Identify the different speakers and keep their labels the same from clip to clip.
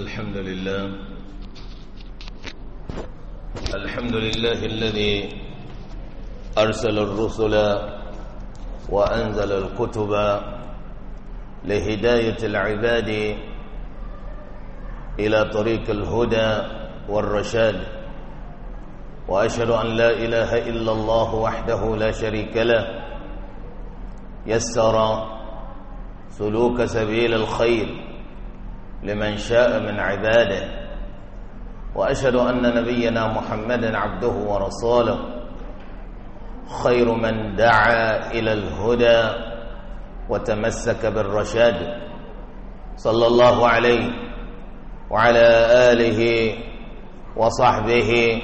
Speaker 1: الحمد لله الحمد لله الذي أرسل الرسل وأنزل الكتب لهداية العباد إلى طريق الهدى والرشاد وأشهد أن لا إله إلا الله وحده لا شريك له يسر سلوك سبيل الخير لمن شاء من عباده واشهد ان نبينا محمدا عبده ورسوله خير من دعا الى الهدى وتمسك بالرشاد صلى الله عليه وعلى اله وصحبه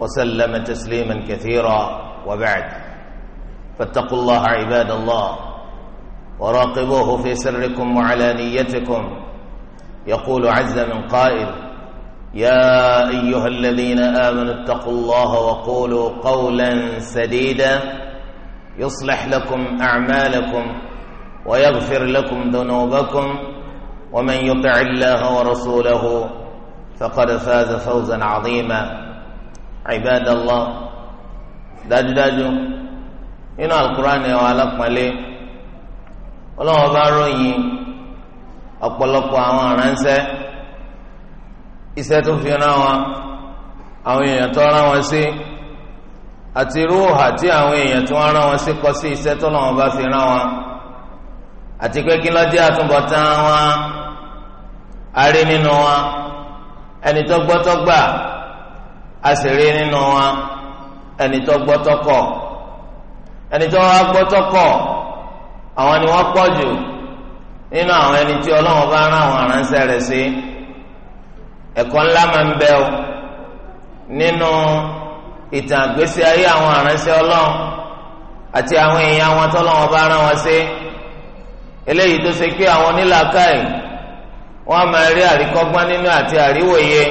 Speaker 1: وسلم تسليما كثيرا وبعد فاتقوا الله عباد الله وراقبوه في سركم وعلانيتكم يقول عز من قائل يا أيها الذين آمنوا اتقوا الله وقولوا قولا سديدا يصلح لكم أعمالكم ويغفر لكم ذنوبكم ومن يطع الله ورسوله فقد فاز فوزا عظيما عباد الله داج داج ان القران يوالق ọlọ́wọ́ ولو باروين ọ̀pọ̀lọpọ̀ àwọn aránṣẹ́ iṣẹ́ tó fi rán wọn àwọn èèyàn tó rán wọn sí àti irú òhà tí àwọn èèyàn tó rán wọn sí kọ sí iṣẹ́ tó lọ́wọ́ bá fi rán wọn àti pé kí ló jẹ́ àtúbọ̀tán wọn a nínú wọn ẹni tó gbọ́ gbà a sì rí wọn
Speaker 2: nínú àwọn ẹni tí ọlọ́run bá rán àwọn aránṣẹ́ rẹ̀
Speaker 1: sí ẹ̀kọ́ ńlá máa ń bẹ o nínú ìtàn àgbésí ayé àwọn aránṣẹ́ ọlọ́run àti àwọn èèyàn wọn tọ́lọ́run bá rán wọn sí eléyìí tó ṣe pé àwọn onílàákàyè wọn máa rí àríkọ́gbọ́n nínú àti àríwòye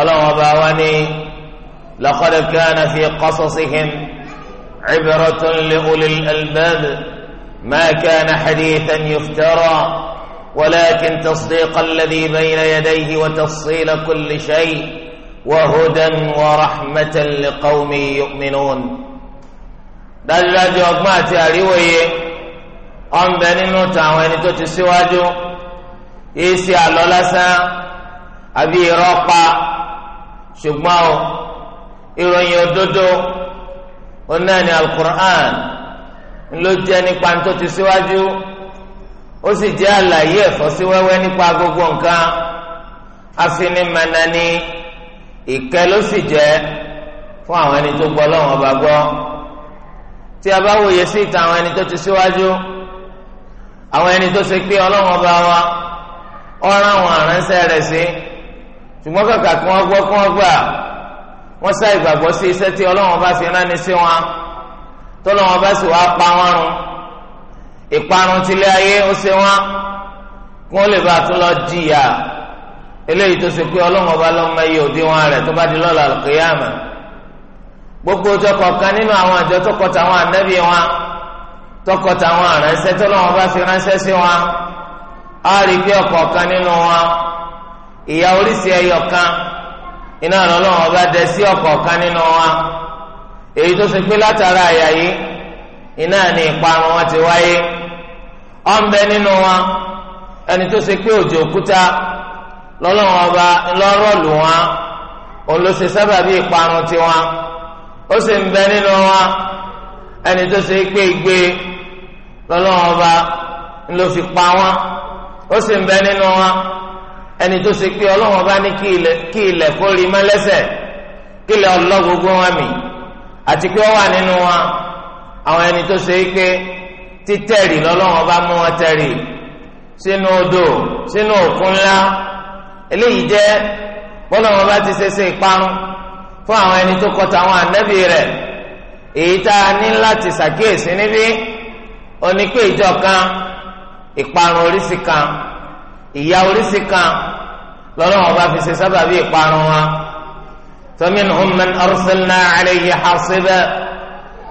Speaker 1: ọlọ́run bá wá ní laqad kana fi qasasihim ibratun li ulil albab. ما كان حديثا يفترى ولكن تصديق الذي بين يديه وتفصيل كل شيء وهدى ورحمة لقوم يؤمنون دلالة جوابات أريوي أم بنين تعوين تتسواج إيسي على لسا أبي روقا شبماو إيرون يدودو هناني القرآن ló jẹ́ nípa tó ti síwájú ó sì jẹ́ àlàyé ẹ̀fọ́síwẹ́wẹ́ nípa gbogbo nǹkan afinimẹ́nani ìkẹ́ ló sì jẹ́ fún àwọn ẹni tó gbọ́ lọ́wọ́n ọba gbọ́ tí a bá wòye sí ìtàn àwọn ẹni tó ti síwájú àwọn ẹni tó ṣe pé ọlọ́wọ́n ọba wa ọ̀ràn àwọn àránṣẹ́ rẹ̀ sí ṣùgbọ́n kàkà kí wọ́n gbọ́ kí wọ́n gbà wọ́n sá ìgbàgbọ́ sí iṣẹ́ tí ọlọ́wọ́n ọba fi ránni sí wọn tọ́lọ́ wọn bá sì wá pa wọn run ìparun tilé ayé ó ṣe wọn kí wọ́n lè bá a tún lọ jìyà eléyìí tó ṣe pé ọlọ́wọ́n bá lọ́ mọ iye òdiwọ̀n rẹ̀ tó bá di lọ́la àlùkìyàmà gbogbo ọjọ́ kọ̀ọ̀kan nínú àwọn àjọ tó kọ tàwọn wọn tó kọ tàwọn àránṣẹ́ tọ́lọ́wọ́n bá fi ránṣẹ́ sí wọn á rí i pé nínú wọn ìyà oríṣi ẹyọ kan iná ọlọ́wọ́n bá dẹ sí ọ̀kọ̀ọ̀kan nínú wọn. èyí tó ṣe pé látara àyà yìí iná ni ìparun wọn ti wáyé ọ̀nbẹ nínú wọn ẹni tó ṣe pé òjò òkúta lọ́lọ́wọ́n ọba ńlọ́rọ̀lù wọn òun ló ṣe sábàbí ìparun tiwọn ó sì ń bẹ nínú wọn ẹni tó pé igbe lọ́lọ́wọ́n ọba ńlọ fi pa wọn ó sì ń bẹ nínú wọn ẹni tó ṣe pé ọlọ́wọ́n ọba ní kí ilẹ̀ kó mọ́ lẹ́sẹ̀ kí ilẹ̀ àti pé wọ́n wà nínú wa àwọn ẹni tó ṣe é pé títẹ̀rì lọ́lọ́wọ́n bá mú wọn tẹ̀rì sínú odò sínú òkun ńlá eléyìí jẹ́ bọ́lọ́wọ́n bá ti ṣe ṣe ìparun fún àwọn ẹni tó kọta àwọn ànábì rẹ̀ èyí tá a ní láti ṣàkíyèsí níbí oní ìjọ kan ìparun oríṣi kan ìyà oríṣi kan lọ́lọ́wọ́n bá fi ṣe sábàbí ìparun wa. فمنهم من أرسلنا عليه حاصبا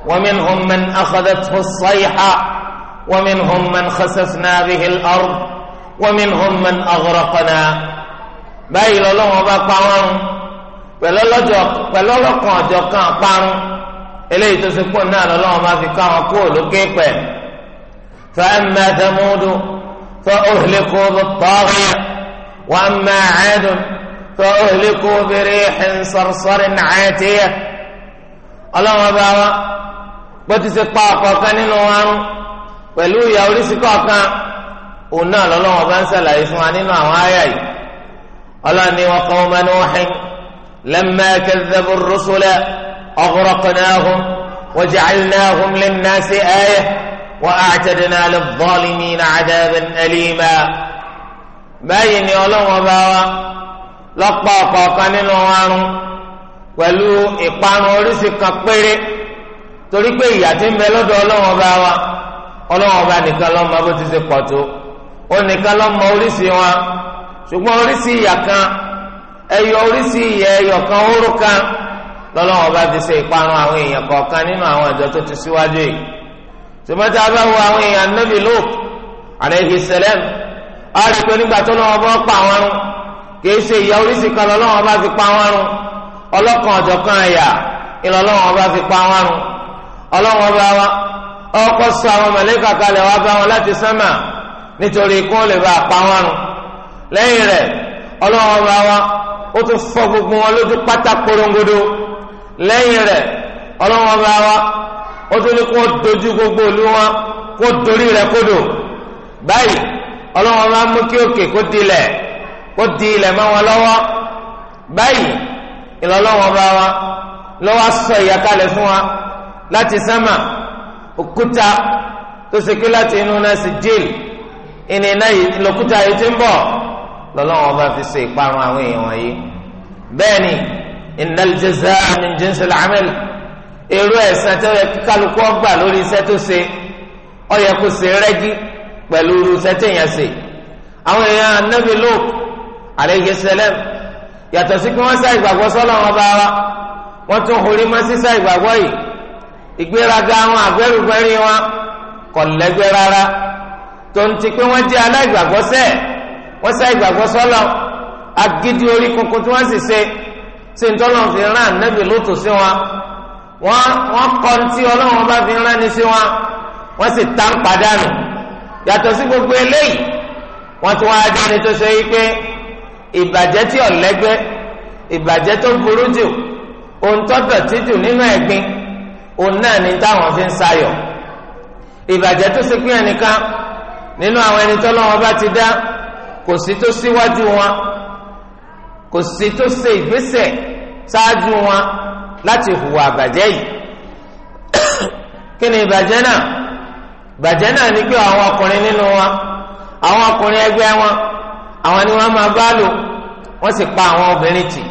Speaker 1: ومنهم من أخذته الصيحة ومنهم من خسفنا به الأرض ومنهم من أغرقنا báyìí lọ́lọ́wọ́n bá pa wọ́n run pẹ̀lú ọlọ́jọ́ pẹ̀lú ọlọ́kan ọ̀jọ̀ kan àparun eléyìí tó ṣe pọ̀ فأما ثمود فأهلكوا بالطاغية وأما عاد فأهلكوا بريح صرصر عاتية الله أبا بتس الطاقة كان نوان ولو يولي سكاكا ونا الله أبا سلا يسمعني نوان آيه الله وقوم نوح لما كذبوا الرسل أغرقناهم وجعلناهم للناس آية وأعتدنا للظالمين عذابا أليما ما يني الله أبا lọ́pọ̀ ọ̀kọ̀ọ̀kan nínú ọrùn pẹ̀lú ìparun oríṣi kan péré torí pé ìyà tí ń bẹ lọ́dọ̀ ọlọ́wọ́n bá wa ọlọ́wọ́n bá nìkan ló mọ bó ti ṣe pọ̀ tó ó nìkan ló mọ oríṣi wọn ṣùgbọ́n oríṣi ìyà kan ẹyọ oríṣi ìyà ẹyọ kan oró kan lọ́lọ́wọ́n bá fi ṣe ìparun àwọn èèyàn kọ̀ọ̀kan nínú àwọn ìjọ tó ti síwájú yìí ṣùgbọ́n bá wo àwọn èèyàn Nábì Lóòtù alayhi salam á rí i pé nígbà tó lọ́wọ́ bọ́ pa àwọn kìí ṣe ìyà oríṣi kan lọ́lọ́wọ́n bá fi pa wọ́n run ọlọ́kan ọ̀jọ̀kan ẹ̀yà ìlọ́lọ́wọ́n bá fi pa wọ́n run ọlọ́wọ́n bá wa ọkọ̀ sọ àwọn màlàíkà kalẹ̀ wá bá wọn láti sánmà nítorí kí wọ́n lè bá pa wọ́n run lẹ́yìn rẹ̀ ọlọ́wọ́n bá wa ó tún fọ́ gbogbo wọn lójú pátá korongodo lẹ́yìn rẹ̀ ọlọ́wọ́n bá wa ó tún ní kó dojú gbogbo ìlú wọn kó dorí rẹ̀ kodò báyìí ọlọ́wọ́n bá mú kí òkè kó dilẹ̀ kó di ilẹ̀ mọ́ wọn lọ́wọ́ báyìí ìlọ́lọ́wọ́ bá wa lọ́wọ́ sọ ìyàkálẹ̀ fún wa láti sánmà òkúta tó ṣe pé láti inú náà sì jíìlì ìní iná ìlòkúta yìí ti ń bọ̀ lọ́lọ́wọ́ bá fi ṣe ìparun àwọn èèyàn wọ̀nyí bẹ́ẹ̀ ni innal jazaa min jinsil amal èrò ẹ̀sán tó yẹ kí kálukú ọgbà lórí iṣẹ́ tó ṣe ó yẹ kó ṣe rẹ́gí pẹ̀lú irú iṣẹ́ téèyàn ṣe àwọn èèyàn anábì alayhi salam yàtọ̀ sí kí wọ́n sá ìgbàgbọ́ sọ́lọ́ wọn bá wa wọ́n tún horí mọ́ sísá ìgbàgbọ́ yìí ìgbéraga wọn àgbẹrùgbẹrin wọn kò lẹ́gbẹ́ rárá tó ń ti pé wọ́n jẹ́ aláìgbàgbọ́ sẹ́ẹ̀ wọ́n sá ìgbàgbọ́ sọ́lọ́ agídí orí kunkun tí wọ́n sì ṣe ṣe ń tọ́lọ́ fi rán ànábì lótò sí wọn wọ́n kọ́ tí ọlọ́run bá fi rán ni sí wọn wọ́n sì tá ń padànù yàtọ̀ sí gbogbo eléyìí wọ́n tún wá dání tó ṣe yí pé ìbàjẹ́ tí ọ̀lẹ́gbẹ́ ìbàjẹ́ tó burú jù ohun tó dọ̀tí jù nínú ẹ̀gbin òun náà ni táwọn fi ń sayọ̀ ìbàjẹ́ tó ṣe pín ẹnìkan nínú àwọn ẹni tó lọ́wọ́ bá ti dá kò sí tó síwájú wọn kò sí tó ṣe ìgbésẹ̀ ṣáájú wọn láti hùwà àbàjẹ́ yìí kí ni ìbàjẹ́ náà ìbàjẹ́ náà ni pé àwọn ọkùnrin nínú wọn àwọn ọkùnrin ẹgbẹ́ wọn. àwọn ni wọ́n máa bá lò wọ́n sì pa àwọn obìnrin tì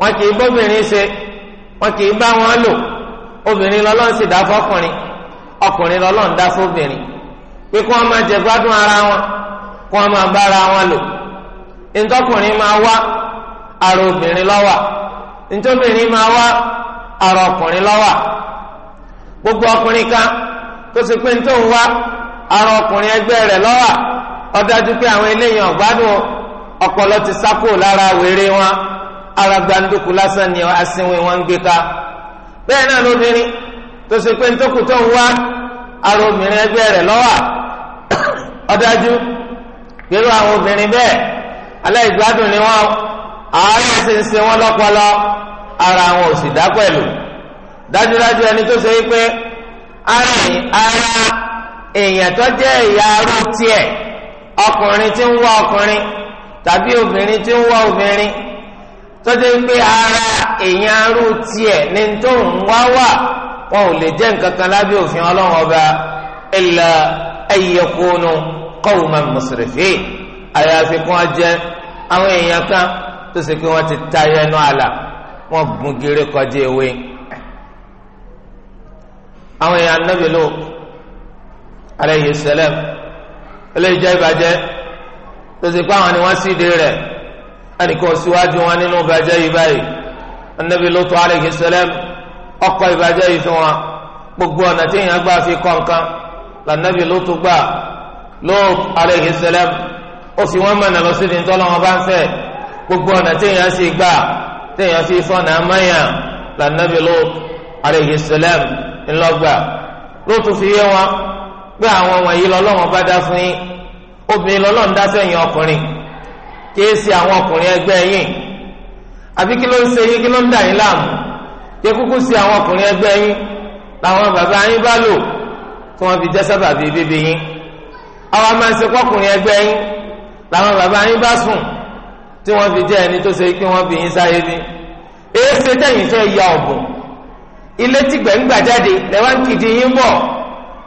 Speaker 1: wọ́n kì í bóbìnrin ṣe wọ́n kì í bá wọn lò obìnrin lọ́lọ́run sì dá fọ́kùnrin ọkùnrin lọ́lọ́run dá fóbìnrin pé kí wọ́n máa jẹ gbádùn ara wọn kí wọ́n máa bá ara wọn lò ntọ́kùnrin máa wá ara obìnrin lọ́wà ntọ́bìnrin máa wá ara ọkùnrin lọ́wà gbogbo ọkùnrin kan tó ti pé ntọ́ ń wá ara ọkùnrin ẹgbẹ́ rẹ̀ lọ́wà. ọdájú pé àwọn eléyìí ọ̀gbádùn ọpọlọ ti sákò lára wèrè wọn ara gbàǹdùkú lásán ni asinwin wọn ń gbé ká bẹ́ẹ̀ náà lóbìnrin tó ṣe pé ntòkù tó ń wá ara obìnrin ẹgbẹ́ rẹ̀ lọ́wọ́ ọdájú pẹ̀lú àwọn obìnrin bẹ́ẹ̀ aláìgbádùn ni wọn àárẹ̀ ṣe ń ṣe wọn lọ́pọlọ ara àwọn ò sì dá pẹ̀lú dájúdájú ẹni tó ṣe wípé ara èèyàn tó jẹ́ ìyá arú tiẹ̀ ọkùnrin tí ń wá ọkùnrin tàbí obìnrin tí ń wá obìnrin tọ́jú pé ara èèyàn arú tiẹ̀ ní tó ń wá wà wọn ò lè jẹ́ nǹkan kan lábẹ́ òfin ọlọ́run ọba illa ayyakunu qawman musrifin àyàfi kí wọ́n jẹ́ àwọn èèyàn kan tó ṣe pé wọ́n ti ta ẹnu àlà wọ́n gun gèrè kọjá ewé àwọn èèyàn anábìlú alayhi salam eléyìí jẹ́ ìbàjẹ́ tòsí pé àwọn ni wọ́n sì dé rẹ̀ ẹnìkan síwájú wọn nínú ìbàjẹ́ yìí báyìí anabi Lutu alayhi salam ọkọ̀ ìbàjẹ́ yìí fún wọn gbogbo ọ̀nà tí èèyàn gbà fi kọ́ nǹkan lànàbì Lutu gbà Lutu alayhi salam ó fi wọ́n mọ̀nà lọ sí ní tọ́lọ́ wọn bá ń fẹ́ gbogbo ọ̀nà tí èèyàn sì gbà tí èèyàn fi fọ́nà amáyà lànàbì Lutu alayhi salam pé àwọn wọ̀nyí lọ́lọ́wọ́n bá dá fún yín obìnrin lọ́lọ́run dá sẹ́yìn ọkùnrin kìí ṣe àwọn ọkùnrin ẹgbẹ́ yín àbí kí ló ń ṣe yín kí ló ń dà yín láàmú kí kúkú ṣe àwọn ọkùnrin ẹgbẹ́ yín làwọn bàbá yín bá lò tí wọ́n fi jẹ́ sábà bíi bíbí yín àwọn máa ń ṣe kọ́kùnrin ẹgbẹ́ yín làwọn bàbá yín bá sùn tí wọ́n fi jẹ́ ẹni tó ṣe kí wọ́n bí yín sáyé ní èé ṣe tẹ̀yìn fẹ́ ya ọ̀bùn ilé tìgbẹ́ ń gbà jáde lẹ́wọ́n kìdí yín bọ̀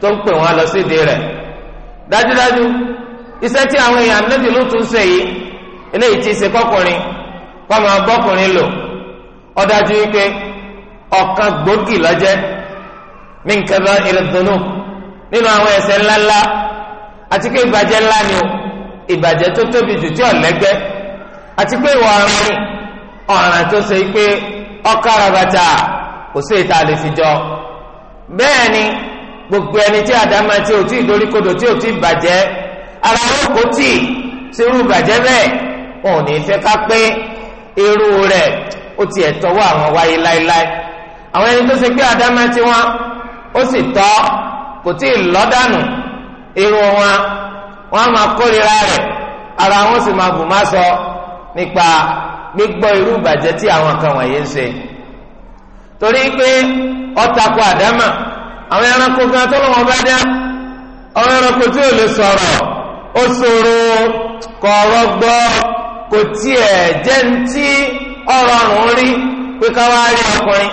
Speaker 1: tó ń pè wọn lọ sídìí rẹ̀ dájúdájú iṣẹ́ tí àwọn èèyàn Ànábì Lútù ń ṣe yìí eléyìí ti ṣe kọkùnrin kọ́ máa bọ́kùnrin lò ó dájú wípé gbòógì lọ́jẹ́ min kabā'iri dhunūb nínú àwọn ẹ̀ṣẹ̀ ńláńlá àti pé ńlá ni o tó tóbi jù tí ọ̀lẹ́gbẹ́ àti pé ìwà ọ̀rìn ọ̀ràn tó ṣe pé ọkọ̀ àràbàtà kò sí ìta lè fi jọ bẹ́ẹ̀ ni. gbogbo ẹni tí àdámà tí ò tí ì doríkodò tí ò tí ì bàjẹ́ ara wọn kò tí ì sírú bàjẹ́ bẹ́ẹ̀ wọn ò ní fẹ́ ká pé irú rẹ̀ ó tiẹ̀ tọwọ́ àwọn wáyé láéláé àwọn ẹni tó ṣe pé àdámà tí wọn ó sì tọ́ kò tí ì lọ́dànù irú wọn wọn á máa kórìíra rẹ̀ ara wọn sì máa bù má sọ nípa gbígbọ́ irú bàjẹ́ tí àwọn kan wọ̀nyí ń ṣe torí pé ó tako àdámà àwọn ẹranko kan tó lọ́wọ́ bá dá àwọn ẹranko tí ò lè sọ̀rọ̀ ó ṣòro kọ̀ ọ̀rọ̀ gbọ́ kò tiẹ̀ jẹ́ ní tí ọ̀rọ̀ ọ̀rùn rí pé ká wá rí ọkùnrin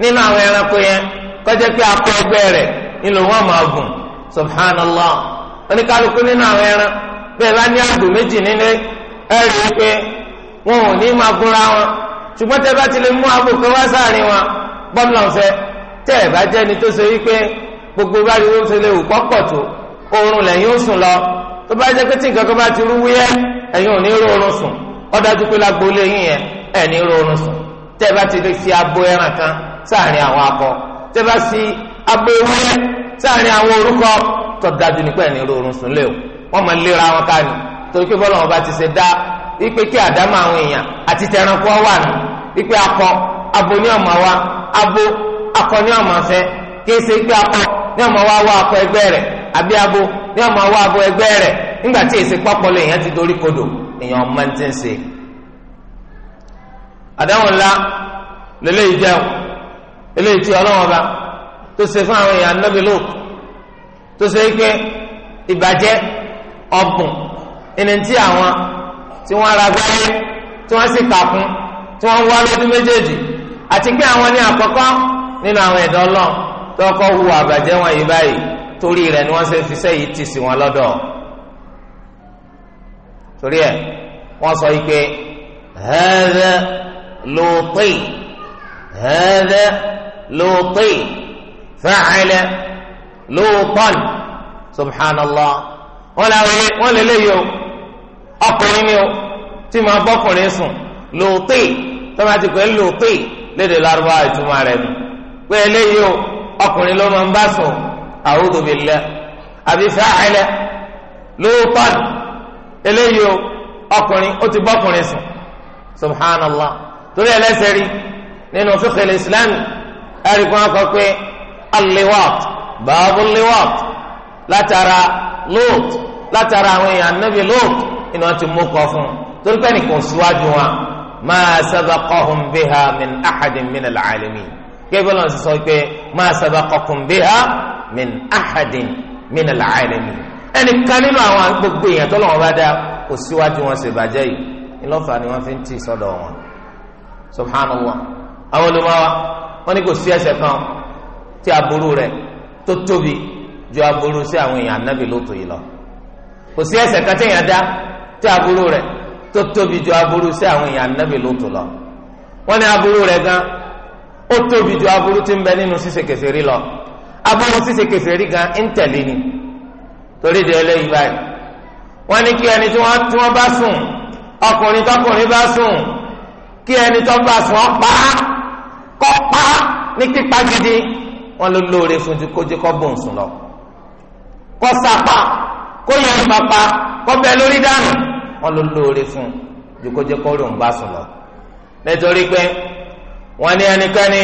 Speaker 1: nínú àwọn ẹranko yẹn kọjá pé akọ ẹgbẹ́ rẹ̀ nílò wọn máa gùn subhanallah oníkálukú nínú àwọn ẹran bẹ́ẹ̀ bá ní àgbò méjì nílé ẹ rí i pé wọn ò ní máa gúnra wọn ṣùgbọ́n tẹ bá ti lè mú àgbò kan wá sáàrin wọn bọ́ọ̀lù ọ̀fẹ́ tẹ́ ẹ̀ bá jẹ́ ni tó ṣe wípé gbogbo bá rí wọ́n ṣe lè wù pọ́pọ̀ tó oorun lẹ́yìn ó sùn lọ tó bá jẹ́ pé tí nǹkan kan bá ti rú wúyẹ́ ẹ̀yin ò ní rọrùn sùn ó dájú pé lágbo lẹ́yìn yẹn ẹ̀ ní rọrùn sùn tẹ́ ẹ bá ti fi abo ẹran kan sáàrin àwọn akọ tẹ́ ẹ bá fi abo ewúrẹ́ sáàrin àwọn orúkọ tó dájú ní pé ẹ̀ ní rọrùn sùn lé o wọ́n máa lera wọn ká ni torí pé bọ́lá wọn bá ti ṣe dá ipe kí àdámọ̀ àwọn èèyàn àti tẹranko wà nù ipe akọ abo ní ọmọ wa abo akọ ní ọmọ fẹ́ kí ẹsẹ pé akọ ní ọmọ wa wá akọ ẹgbẹ́ rẹ àbí abo ní ọmọ wa abo ẹgbẹ́ rẹ̀ nígbà tí èsì pọpọlọ èèyàn ti dorí kodò èèyàn ọmọ ti ń ṣe. àdáwọn ńlá lélẹ́yìí jẹ́ eléyìí tí ọlọ́wọ́n bá tó ṣe fún àwọn èèyàn tó ṣe pé ìbàjẹ́ ẹni tí àwọn tí wọ́n ara gbáyé tí wọ́n sì kà fún tí wọ́n nínú àwọn ẹ̀dọ́ lọ tọkọ hu àbàjẹ́ wọn yìí báyìí torí rẹ̀ ni wọ́n ṣe fi sẹ́yìí tì sí wọn lọ́dọ̀ torí ẹ̀ wọ́n sọ yìí pé hẹ́ẹ́dẹ́ lóòpì hẹ́ẹ́dẹ́ lóòpì fẹ́ẹ́lẹ́ lóòpọ́n subhanallah wọ́n lè wọ́n lè léyìí o ọkùnrin ni o tí màá bọ́kùnrin sùn lóòpì tọ́ba ti pè é lóòpì lédè lárúbáwá ìtumọ̀ rẹ̀ nù pé eléyìí o ọkùnrin ló máa ń bá sùn a'udhu billah àbí fa'ala lóòótọ́ni eléyìí o ọkùnrin ó ti bọ́kùnrin sùn subhanallah torí ẹlẹ́sẹ̀ rí nínú fíkìl ìsìlámù ẹ̀rí kan kọ pé al-liwat báàbù liwat látara lóòt látara àwọn èèyàn nábì lóòt inú wọn ti mú kọ fún un torí pé nìkan síwájú wọn ma sabaqahum biha min ahadin min al kébé lọ́n sọ pé ma sabaqakum biha min ahadin min al-alamin ẹnìkan nínú àwọn gbogbo èèyàn tó lọ́wọ́ bá dá kò síwájú wọn sì bàjẹ́ yìí ńlọ́fà ni wọ́n fi ń tì sọ́dọ̀ wọn subhanallah àwọn olùmọ́wá wọn ni kò sí ẹ̀ṣẹ̀ kan tí aburú rẹ̀ tó tóbi ju aburú sí àwọn èèyàn anábì lótò yìí lọ kò sí ẹ̀ṣẹ̀ kan tí èèyàn dá tí aburú rẹ̀ tó tóbi ju aburú sí àwọn èèyàn anábì lótò lọ wọn ni aburú rẹ̀ gan ó tóbi ju aburú tí ń bẹ nínú ṣíṣe kèfèrí lọ aburú ṣíṣe kèfèrí gan ń tẹ̀lé ni torí de ẹlẹ́yìí báyìí wọ́n ní kí ẹni tí wọ́n tí wọ́n bá sùn ọkùnrin tọkùnrin bá sùn kí ẹni tó bá sùn ọ́ pa á kọ́ pa á ní pípa gidi wọ́n ló lóore fún ju kó jẹ́ kó bùn sùn lọ kó sapa kó yẹn papa kó bẹ lórí dànù wọ́n ló lóore fún ju kó jẹ́ kó rò ń bá sùn lọ nítorí pé wọ́n ní ẹnikẹ́ni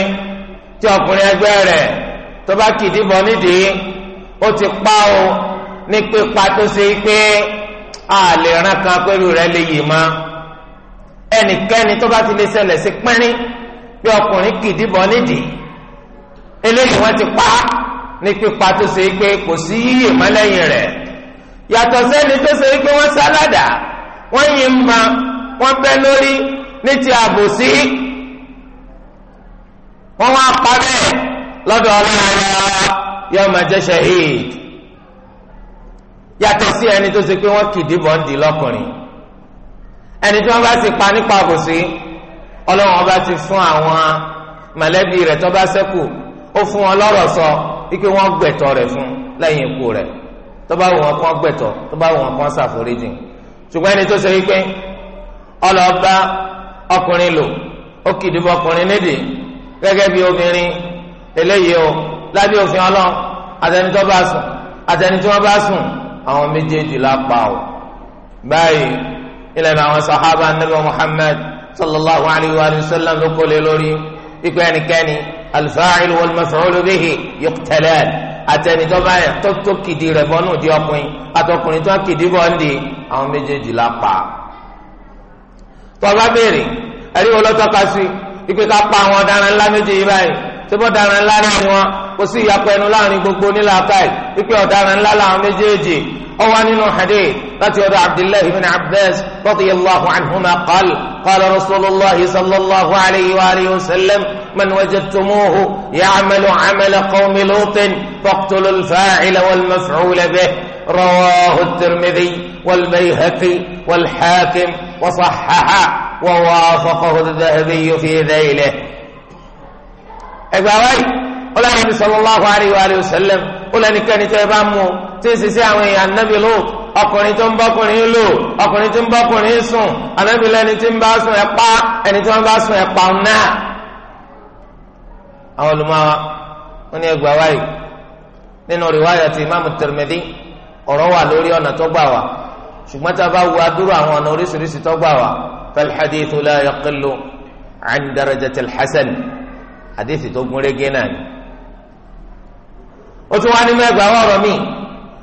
Speaker 1: tí ọkùnrin ẹgbẹ́ rẹ̀ tó bá kìdí bọ̀ nídìí ó ti pa o ní pípa tó ṣe pé a lè ràn kan pẹ̀lú rẹ̀ lè yìí mọ́ ẹnikẹ́ni tó bá ti lè ṣẹlẹ̀ sí pínrín bí ọkùnrin kìdí bọ̀ nídìí eléyìí wọ́n ti pa ní pípa tó ṣe pé kò sí yíyè mọ́ lẹ́yìn rẹ̀ yàtọ̀ sẹ́ni tó ṣe pé wọ́n sáládà wọ́n yìí ń ma wọ́n bẹ́ lórí ní ti àbòsí wọ́n wá pa bẹ́ẹ̀ lọ́dọ̀ ọlọ́run yóò máa jẹ́ shahid yàtọ̀ sí ẹni tó ṣe pé wọ́n kìdí bọ́ǹdì lọ́kùnrin ẹni tí wọ́n bá ti pa nípa àbòsí ọlọ́run ọba ti fún àwọn mọ̀lẹ́bí rẹ̀ tó bá ṣẹ́kù ó fún wọn lọ́rọ̀ sọ wípé wọ́n gbẹ̀tọ̀ rẹ̀ fún lẹ́yìn ikú rẹ̀ tó bá wù wọn kàn gbẹ̀tọ̀ tó bá wù wọn kàn ṣàforíjì ṣùgbọ́n ẹni tó ṣe wípé ọlọ́ọ̀bá ọkùnrin lò ó kìdí bọ́ ọkùnrin nídìí gẹ́gẹ́ bí obìnrin eléyìí o lábẹ́ òfin Ọlọ́run àtẹni tó bá sùn àtẹni tí wọ́n bá sùn àwọn méjèèjì la pa o báyìí ìlànà àwọn sàhábà Ànábì Muhammad sallallahu alayhi wa sallam ló kó lé lórí ikú ẹnikẹ́ni al-fa'il wal-maf'ul bihi yuqtalan àtẹni tó bá yẹ tó tó kìdí rẹ̀ bọ́nú di ọkùnrin àtọkùnrin tó kìdí bọ́ndì àwọn méjèèjì la tọ́ba béèrè ẹ̀rí wọ́n lọ́tọ́ka sí i ìpè ká pa àwọn ọ̀daràn ńlá méje yìí báyìí tẹ́bọ̀ ọ̀daràn ńlá náà ni wọn kò sí ìyapọ̀ ẹnu láàrin gbogbo nílà káì ìpè ọ̀daràn ńlá làwọn méjèèjì ọwọ́ nínú hadith láti ọ̀dọ̀ abdullahi ibn abbas radiyallahu anhuma qal qala rasulillah sallallahu alayhi wa alihi wa sallam man wajadtumuhu ya'malu 'amala qawmi lutin faqtulu al-fa'ila wal maf'ula bih rawahu at-tirmidhi ووافقه الذهبي في ذيله ẹgbẹ́ wáyé ọlọ́run ní sallallahu alayhi wa sallam ọlọ́nìkẹ́ni tó ẹ bá mú tí ń sisi àwọn èèyàn nábì lò ọkùnrin tó ń bọ́kùnrin lò ọkùnrin tó ń bọ́kùnrin sùn ànábì lẹ́ni tí ń bá sùn ẹ̀ pa ẹni tí wọ́n bá sùn ẹ̀ pa náà. àwọn olùmọ̀wá wọn ní ẹgbẹ́ wáyé nínú rìwáyà ti imáàmù Tirmidhi ọ̀rọ̀ wà lórí ọ̀nà tó gbà wá ṣùgbọ́n tá a bá wo adúrò àwọn ọ̀nà oríṣiríṣi tó gbà wá فالحديث لا يقل عن درجة الحسن حديث تقول رجلان وتواني ما قوار مين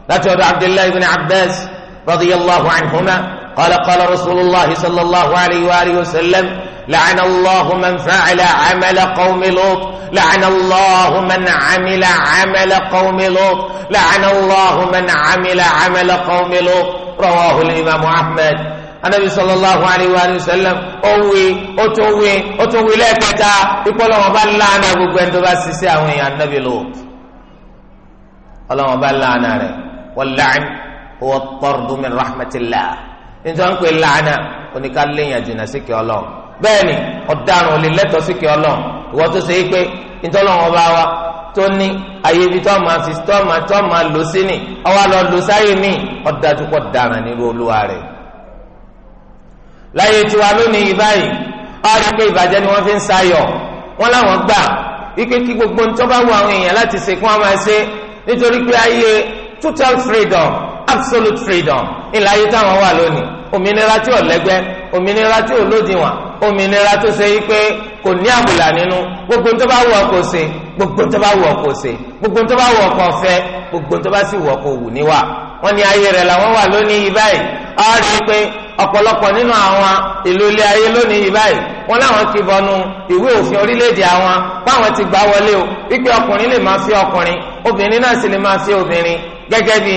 Speaker 1: لا عبد الله بن عباس رضي الله عنهما قال قال رسول الله صلى الله عليه وآله وسلم لعن الله من فعل عمل قوم لوط لعن الله من عمل عمل قوم لوط لعن الله من عمل عمل قوم لوط رواه الإمام أحمد anabi sallallahu alayhi wa sallam ọwé ọtọwé ọtọwé lẹ́ẹ̀kẹta ìpọlọ wọn bá lánàá gbogbo ẹni tó bá ṣiṣẹ́ àwọn èèyàn anabi lò ọlọwọn bá lánàá rẹ wal-la'n huwa at-tardu min rahmatillah nítorí wọn pè lánà oníkàlẹyìn àjùnà síkẹ ọlọ bẹ́ẹ̀ni ọ̀daràn olè lẹtọ síkẹ ọlọ ìwọ tó ṣe é pé ìtọ́lọ́wọ́n bá wa tó ní ayé ibi tó máa fi tó máa tó máa lò sí ni ọwọ́ àlọ́ lò sáyé mi ọ̀dájú kọ́ daràn olúwa rẹ̀ láyé tiwa lónìí báyìí wọ́n pé ìbàjẹ́ ni wọ́n fi ń sayọ̀ wọ́n láwọn gbà wípé kí gbogbo ń tọ́ bá wù àwọn èèyàn láti ṣe kí wọ́n máa nítorí pé ayé total freedom absolute freedom ìlà ayé táwọn wà lónìí òmìnira tí ò lẹ́gbẹ́ òmìnira tí ò lódiwọ̀n òmìnira tó ṣe wípé kò ní àbùlà nínú gbogbo ń tọ́ bá wù ọ́ ṣe gbogbo ń tọ́ bá wù ọ́ ṣe gbogbo ń tọ́ bá wù ọ́ kò gbogbo ń tọ́ bá sì wù ọ́ kò níwà wọ́n ní ayé rẹ̀ làwọn wà lónìí yìí báyìí á rí i pé ọ̀pọ̀lọpọ̀ nínú àwọn ìlú ilé ayé lónìí yìí báyìí wọ́n láwọn ti bọnu ìwé òfin orílẹ̀-èdè àwọn báwọn ti gbà wọlé o wípé ọkùnrin lè máa fi ọkùnrin obìnrin náà sì lè máa fi obìnrin gẹ́gẹ́ bí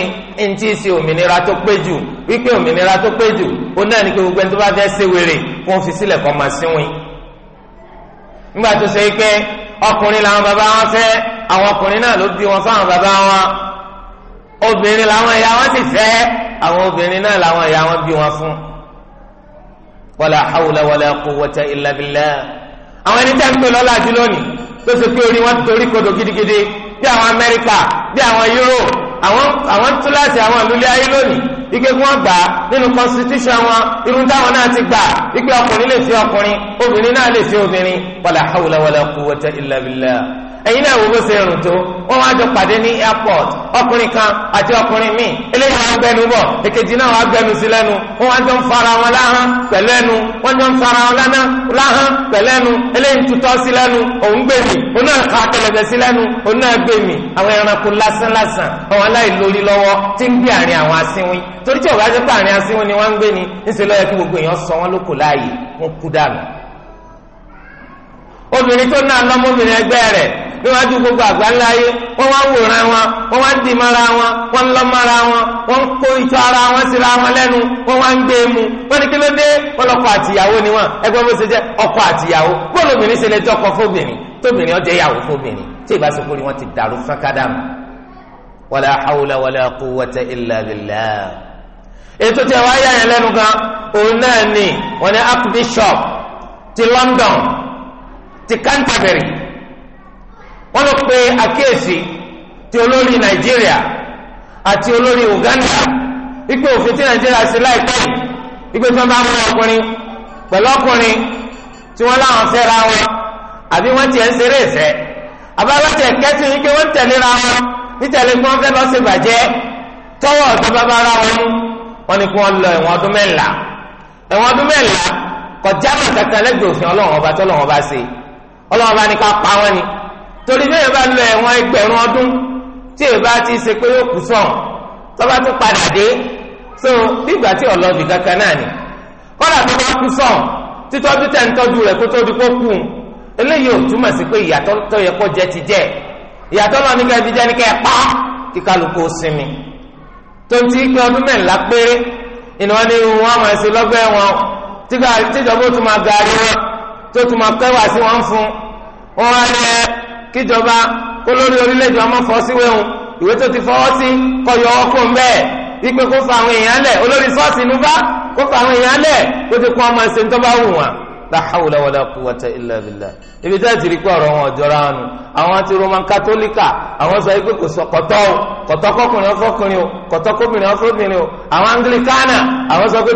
Speaker 1: ntí ṣe òmìnira tó pé jù wípé òmìnira tó pé jù ó náà ní kí gbogbo ẹni tó bá fẹ́ ṣe wèrè kó fi sílẹ̀ kọ́ máa síwìn. nígbà tó ṣe pé ọkùnrin làwọn bàbá wọn fẹ́ àwọn ọkùnrin náà ló bí wọn fáwọn bàbá wọn obìnrin làwọn ìyá wọn sì fẹ́ àwọn obìnrin náà làwọn ìyá wọn bí wọn fún wala hawla wala quwwata illa billah
Speaker 2: àwọn ẹni tẹ́ ń pè lọ́la jù lónìí
Speaker 1: tó ṣe pé orí wọn torí kodò gidigidi bí àwọn amẹ́ríkà bí àwọn europe àwọn àwọn túláàsì àwọn ìlú ilé ayé lónìí ike kí wọ́n gbà á nínú constitution wọn irun táwọn náà ti gbà ike ọkùnrin lè fi ọkùnrin obìnrin náà lè fi obìnrin wala hawla wala quwwata illa billah.
Speaker 2: ẹ̀yin náà wo bó ṣe
Speaker 1: rùn tó wọ́n wá jọ pàdé ní airport ọkùnrin kan àti ọkùnrin míì eléyìí wọ́n gbẹnu bọ̀ èkejì náà wọ́n gbẹnu sí lẹnu wọn wájọ ń fara wọn láhán pẹ̀lú ẹnu wọ́n jọ ń fara wọn láhán ẹnu eléyìí mi òun náà ka sí òun náà mi àwọn ẹranko lásán lásán àwọn tí ń gbé àárín àwọn asínwín torí tí pé ni ń gbé ni ńṣe níwájú gbogbo àgbáńlá ayé wọ́n wá wòran wọn wọ́n wá dì mọ́ra wọn wọ́n lọ mọ́ra wọn wọ́n kó itọ́ ara wọn síra wọn lẹ́nu wọ́n wá ń gbé e mu wọ́n ní kí ló dé wọ́n lọ́kọ àtìyàwó ni wọ́n ẹgbẹ́ bó ṣe jẹ́ ọkọ àtìyàwó bóòlù obìnrin ṣe lè jọkọ fóbìnrin tóbìnrin ọjọ́ ìyàwó fóbìnrin tí ì bá ṣe kórìí ti dàrú fákádàmù wàlá hawla wàlá quwwata illa billah ètò tí a yà yẹn lẹ́nu kan òun náà ni wọ́n ní akpbishop ti London ti Canterbury wọ́n lọ pe àkíyèsí ti olórí nàìjíríà àti olórí uganda ipe òfin tí nàìjíríà ṣe láìpẹ́ ipe tí wọ́n bá mú ọkùnrin pẹ̀lú ọkùnrin tí wọ́n láwọn fẹ́ra wọn àbí wọ́n tiẹ̀ ń ṣeré ìfẹ́ àbáwọ́tẹ̀ kẹ́sì ní pé wọ́n tẹ̀léra wọn nítẹ̀lé kí wọ́n fẹ́ lọ sí bàjẹ́ tọ́wọ́ ọ̀sán bàbá ara wọn mú wọn ni kí wọ́n lọ ẹ̀wọ̀n ọdún mẹ́la ẹ̀wọ̀n ọdún mẹ́la kọjá mọ̀ kankan lẹ́gbẹ̀ẹ́ òfin ọlọ́run ọba tọ́lọ́run ọba ṣe ọlọ́run ọba ní ká pa wọ́n ni torí bẹ́ẹ̀ bá lọ ẹ̀wọ̀n ẹgbẹ̀rún ọdún tí èyí bá ti ṣe pé ó kù sàn tọ́ba tó padà dé so ìgbà tí ọlọ́ọ̀bì kankan náà ni kọ́lá tó bá kú sàn títọ́jú tẹ̀ ń tọ́jú rẹ̀ kó tó di kó kù eléyìí ò túmọ̀ sí pé ìyàtọ̀ tó yẹ kó jẹ ti jẹ ìyàtọ̀ náà nígbà ibi jẹ́ ní kẹ́ pa kí kálukú ó sinmi tó ń ti pé ọdún mẹ́rìnlá péré ìnáwó ni wọ́n máa ṣe lọ́gbẹ́ wọn tíjọba ó tún kíjọba kó lórí orílẹ̀-èdè ọmọ fọ́ sí wéhùn ìwé tó ti fọwọ́ sí kọ yọ ọkọ̀ ń bẹ́ẹ̀ wípé kó fa àwọn èèyàn lẹ̀ olórí sọ́ọ̀sì kó fa àwọn èèyàn lẹ̀ kó ti kún ọmọ ẹsẹ̀ ń tọ́ wù wọn la hawla wala quwwata illa billah ibi ti rí pé ọ̀rọ̀ wọn wọn àwọn ti katolika àwọn sọ kò sọ kọ̀tọ́ o kọ̀tọ́ kọkùnrin ọfọkùnrin o kọ̀tọ́ kọbìnrin anglikana àwọn sọ pé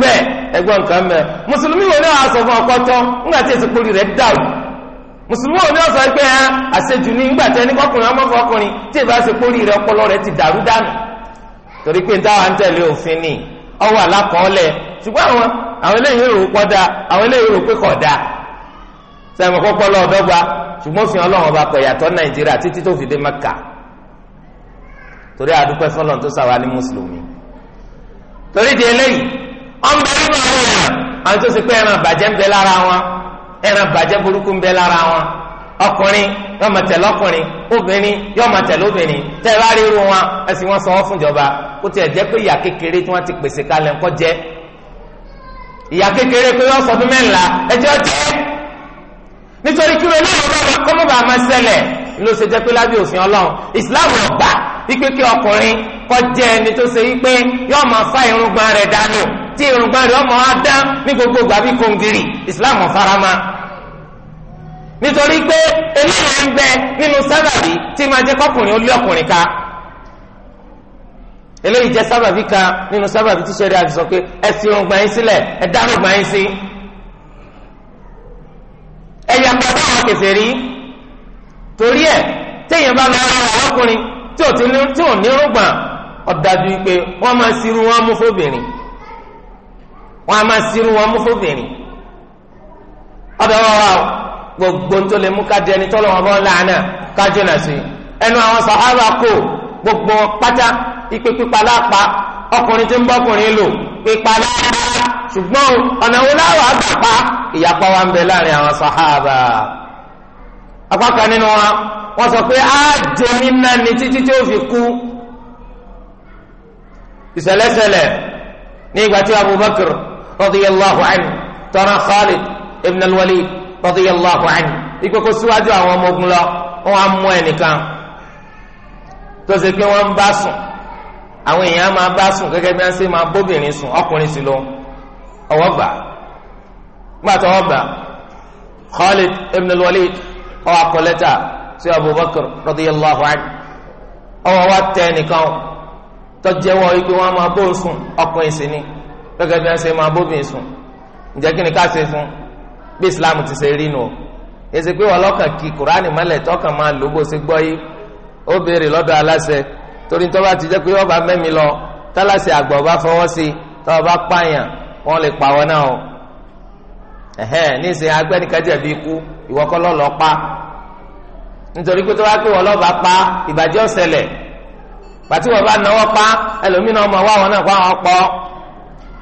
Speaker 1: mbẹ ẹgbọn mẹ mùsùlùmí wo ni wàá sọ mùsùlùmí ò ní ọ̀sán ẹgbẹ́ ẹ àṣejù ní nígbà tẹ́ ní kọkùnrin ọmọ fọkùnrin tí ìbá ṣe rẹ ọpọlọ rẹ ti dàrú dànù torí pé táwa ń tẹ̀lé òfin ni ọwọ́ àlàkọ́ọ́lẹ̀ ṣùgbọ́n àwọn àwọn eléyìí rò da àwọn eléyìí rò pé kọ̀ da sẹ́mi kọ́kọ́ lọ ọ̀dọ́gba ṣùgbọ́n ọba yàtọ̀ nàìjíríà títí tó fi torí àdúpẹ́ ẹran bàjẹ́ burúkú ń bẹ lára wọn ọkùnrin yóò máa tẹ̀lé ọkùnrin obìnrin yóò máa tẹ̀lé obìnrin tẹ́ ẹ bá rí irú wọn ẹ sì wọ́n sanwó fúnjọba kó tiẹ̀ jẹ́ pé ìyà kékeré tí wọ́n ti pèsè kalẹ̀ ńkọ́ jẹ́ ìyà kékeré pé wọ́n sọdún mẹ́ńlá ẹjọ́ jẹ́ nítorí kí wọn náà bá wọn kọ́mọ́ bá a máa ṣẹlẹ̀ ló ṣe jẹ́ pé lábẹ́ òfin ọlọ́run ìsìláàmù ọ̀gbà wípé kí ọkùnrin kó jẹ́ ẹni tó ṣe wípé yóò máa fá irùngbọ̀n rẹ̀ dànù tí irùngbọ̀n rẹ̀ ọmọ wa dá ní gbogbo gbàbí kòǹgìrì islam farama nítorí pé eléyìí ń bẹ nínú sábàbí tí máa jẹ́ kọkùnrin ó lé ọkùnrin ká eléyìí jẹ́ sábàbí kan nínú sábàbí tí sẹ́rí àti sọ pé ẹ sì irùngbọ̀n yín sílẹ̀ ẹ dá irùngbọ̀n yín sí ẹ yà pàtó àwọn kẹsẹ̀ rí torí ẹ téèyàn bá lọ rárá ọkùnrin tí ò ní rúgbọ̀n ó dájú wọ́n máa sirú wọn mú fóbìnrin. wọn a máa sírú wọn mú fóbìnrin ọdọ wọn wà gbogbo tó lè mú kájọ ẹni tọ́lọ̀ wọn bọ́ kájọ náà sí ẹnu àwọn sàhábà kò gbogbo pátá ipe pípa lápá ọkùnrin tí ń bọ́kùnrin lò pípa lápá ṣùgbọ́n ọ̀nà wo láwọ̀ àgbàpá ìyapa wa ń bẹ láàrin àwọn nínú wa sọ pé á títí tí رضي الله عنه. ترى خالد ابن الوليد رضي الله عنه. يقول àwọn ọmọ ogun lọ wọn á mú ẹnìkan tó ṣe pé wọn ń bá sùn àwọn èèyàn á máa bá sùn gẹ́gẹ́ bí wọ́n ṣe máa bóbìnrin sùn ọkùnrin sì ló ọwọ́ gbà gbàtọ́ ọwọ́ gbà Khalid ibn walid ọwọ́ akọ̀lẹ́tà sí Abubakar radiyallahu anhu ọwọ́ wa tẹ ẹnìkan tọ́jẹ́wọ́ ikú wọn máa bó sùn ọkùnrin sì ni. gẹ́gẹ́ bí wọ́n ṣe máa bóbìn sùn ǹjẹ́ kí ni ká ṣe fún bí islam ti ṣe rí nu o èsì pé wọn lọ́kàn kí kuraani mọ́lẹ̀ tọ́kàn máa lò bó ṣe gbọ́ yìí ọba mẹ́mi lọ ọba fọwọ́ sí bá pààyàn wọ́n lè pa wọn náà o ẹ̀hẹ́n bíi ikú pa nítorí pé tó pa ìbàjẹ́ ọ̀sẹ̀lẹ̀ pàtí bá pa ẹlòmínà ọmọ wọn náà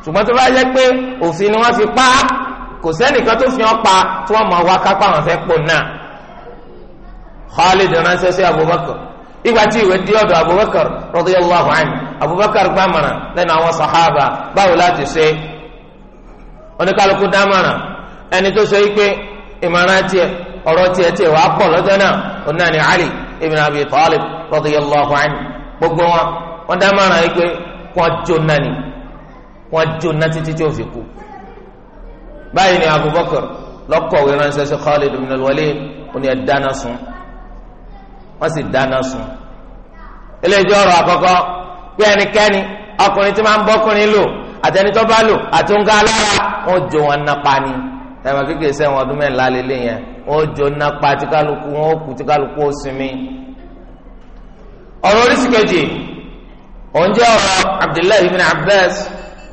Speaker 1: ṣùgbọ́n tó bá yẹ pé òfin ni wọ́n fi pa á kò sẹ́nìkan tó fi hàn pa tí wọ́n mọ̀ wá kápá wọn fẹ́ pò náà Khalid ránṣẹ́ sí Abubakar ìgbà tí ìwé di ọ̀dọ̀ Abubakar radiyallahu anhu Abubakar gbàmọ̀ràn lẹ́nu àwọn sàhábà báwo láti ṣe oníkálukú dámọ̀ràn ẹni tó ṣe pé ìmọ̀ràn tiẹ̀ ọ̀rọ̀ tiẹ̀ tiẹ̀ wàá pọ̀ lọ́jọ́ náà òun náà ni Ali ibn Abi Talib radiyallahu anhu gbogbo wọn wọn dámọ̀ràn yìí pé kọ́ jóná ni wọ́n jóná títí tí ó fi kú báyìí ni Abubakar lọ́kọ̀wé ránṣẹ́ sí Khalid ibn al-Walid ó ní ẹ dáná sun wọ́n sì dáná sun eléyìí ọ̀rọ̀ àkọ́kọ́ pé ẹnikẹ́ni ọkùnrin tí máa ń bọ́kùnrin lò àtẹnitọ́ bá lò àtúnká alára wọ́n jó wọn nápa ni ẹ̀mọ́ kékeré sẹ́wọ̀n ọdún mẹ́rin lélẹ̀ yẹn wọ́n jó nápa tí kálukú wọn kú tí kálukú ó sinmi. ọ̀rọ̀ oríṣi kejì òun jẹ́ ọ̀rọ̀ Abdullahi ibn Abbas.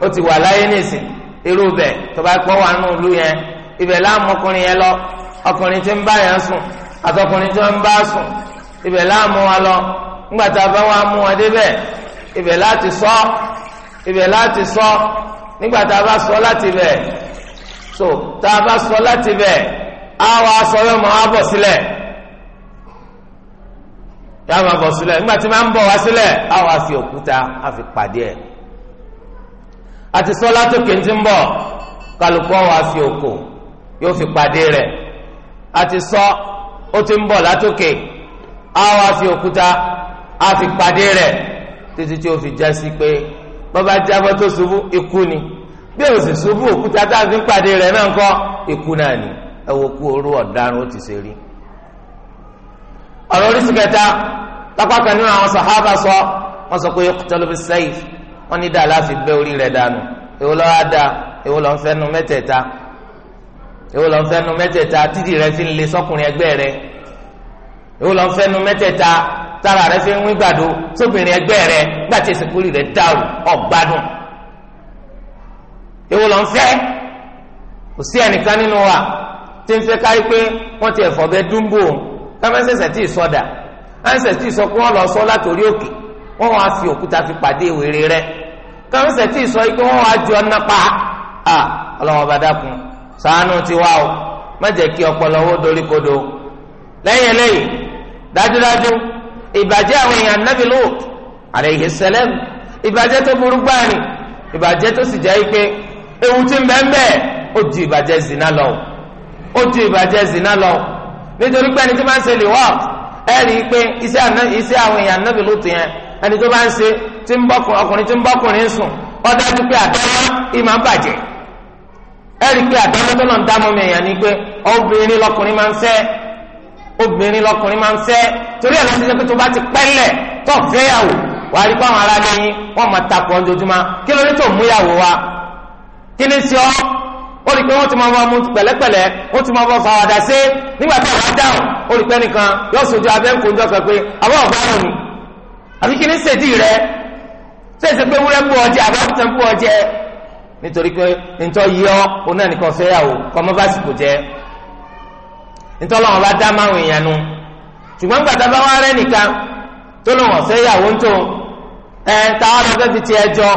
Speaker 1: ó ti wà láyé nìsín irú bẹ̀ tó bá pọ̀ wà nù ìlú yẹn ibẹ̀ láàmú ọkùnrin yẹn lọ ọkùnrin tí ń bá yẹn sùn àtọkùnrin tí wọ́n bá sùn ibẹ̀ láàmú wa lọ ńgbà tá a bá wa mú wọn débẹ̀ ibẹ̀ láti sọ ibẹ̀ láti sọ nígbà bá sọ láti bẹ̀ so tá a bá sọ láti bẹ̀ á wà sọ yóò mọ á bọ̀ sílẹ̀ yóò máa bọ̀ sílẹ̀ máa ń bọ̀ wá sílẹ̀ á wà fi òkúta á fi pàdé ẹ̀ àti sọlá tókè ń ti ń bọ̀ kálukú ọ̀wá fi òkò yóò fi pàdé rẹ̀ àti sọ ó ti ń bọ̀ látòkè àwa fi òkúta á fi pàdé rẹ̀ títí tí ó fi já sí pé bàbá jábọ́ tó ṣubú ikú ni bí ó sì ṣubú òkúta tá a fi ń pàdé rẹ̀ náà kọ́ ikú náà ni ẹ wo kú orú ọ̀daràn ó ti ṣe rí. ọ̀rọ̀ oríṣi lápá kan nínú àwọn sàhábà sọ wọ́n sọ pé yaqtalu bis sayf wọ́n ní dáa láti bẹ́ orí rẹ̀ dànù èwo lọ́wọ́ á da èwo lọ́n fẹ́nu mẹ́tẹ̀ẹ̀ta èwo lọ́n fẹ́nu mẹ́tẹ̀ẹ̀ta títì rẹ̀ fi ń le sọ́kùnrin ẹgbẹ́ rẹ̀ èwo lọ́n fẹ́nu mẹ́tẹ̀ẹ̀ta tára rẹ̀ fi ń wí gbàdo sóbìnrin ẹgbẹ́ rẹ̀ gbàtí ìsìnkú rẹ̀ dàrú ọ̀gbádùn èwo lọ́n fẹ́ kò sí ẹnìkan nínú wa tí ń fẹ́ káyí pé wọ́n ti ẹ̀fọ́ bẹ́ẹ́ dúńbò kámẹ́sẹ̀sẹ̀ tí ì sọdà kámẹ́sẹ̀sẹ̀ tí ì sọ pé wọ́n lọ sọ látòrí òkè wọ́n wá fi òkúta fi pàdé ìwéré rẹ̀ kàmísẹ̀ tí ì sọ pé wọ́n wá ju ọ̀nà pa á ọlọ́wọ́n bá dákun ṣàánú ti wá o má jẹ́ kí ọpọlọ owó dorí kodo lẹ́yìn lẹ́yìn dájúdájú ìbàjẹ́ àwọn èèyàn Nabi Lut alayhi salam ìbàjẹ́ tó burú gbáà ni ìbàjẹ́ tó sì jẹ́ pé ewu ti ń bẹ́ẹ̀ bẹ́ẹ̀ ó ju ìbàjẹ́ zina lọ ó ju ìbàjẹ́ zina lọ nítorí pé ẹni tí máa ń ṣe lè wá ẹ pé iṣẹ́ àwọn èèyàn Nabi Lut yẹn ẹni tó bá ń ṣe tí ń bọ́kùn ọkùnrin tí ń bọ́kùnrin sùn ó pé àdámọ́ ìmọ̀ ń bàjẹ́ pé ni pé obìnrin lọkùnrin máa ń fẹ́ obìnrin lọkùnrin ti pẹ́lẹ̀ tó wàá rí ará máa kí wa kí sọ wọ́n ti máa bọ́ mu pẹ̀lẹ́pẹ̀lẹ́ wọ́n ti máa bọ́ fàwàdà sí nígbà tí àwọn adáhùn ó rí i nìkan yóò àbí kí ni ṣètì rẹ ṣèṣe pé wúrẹ́ bú ọjẹ àbáwọ̀tán bú ọjẹ nítorí pé ntọ́ yọ ọ náà nìkan fẹ́ yàwó kọ́mọ́ bá sì kò jẹ́ ntọ́ lọ́wọ́ bá dá máwùn èèyàn nu
Speaker 2: ṣùgbọ́n gbàtà bá wá rẹ́ nìkan
Speaker 1: tó lọ́wọ́ fẹ́ yàwó ń tó ẹ táwọn ọ̀dọ́ fi ti ẹjọ́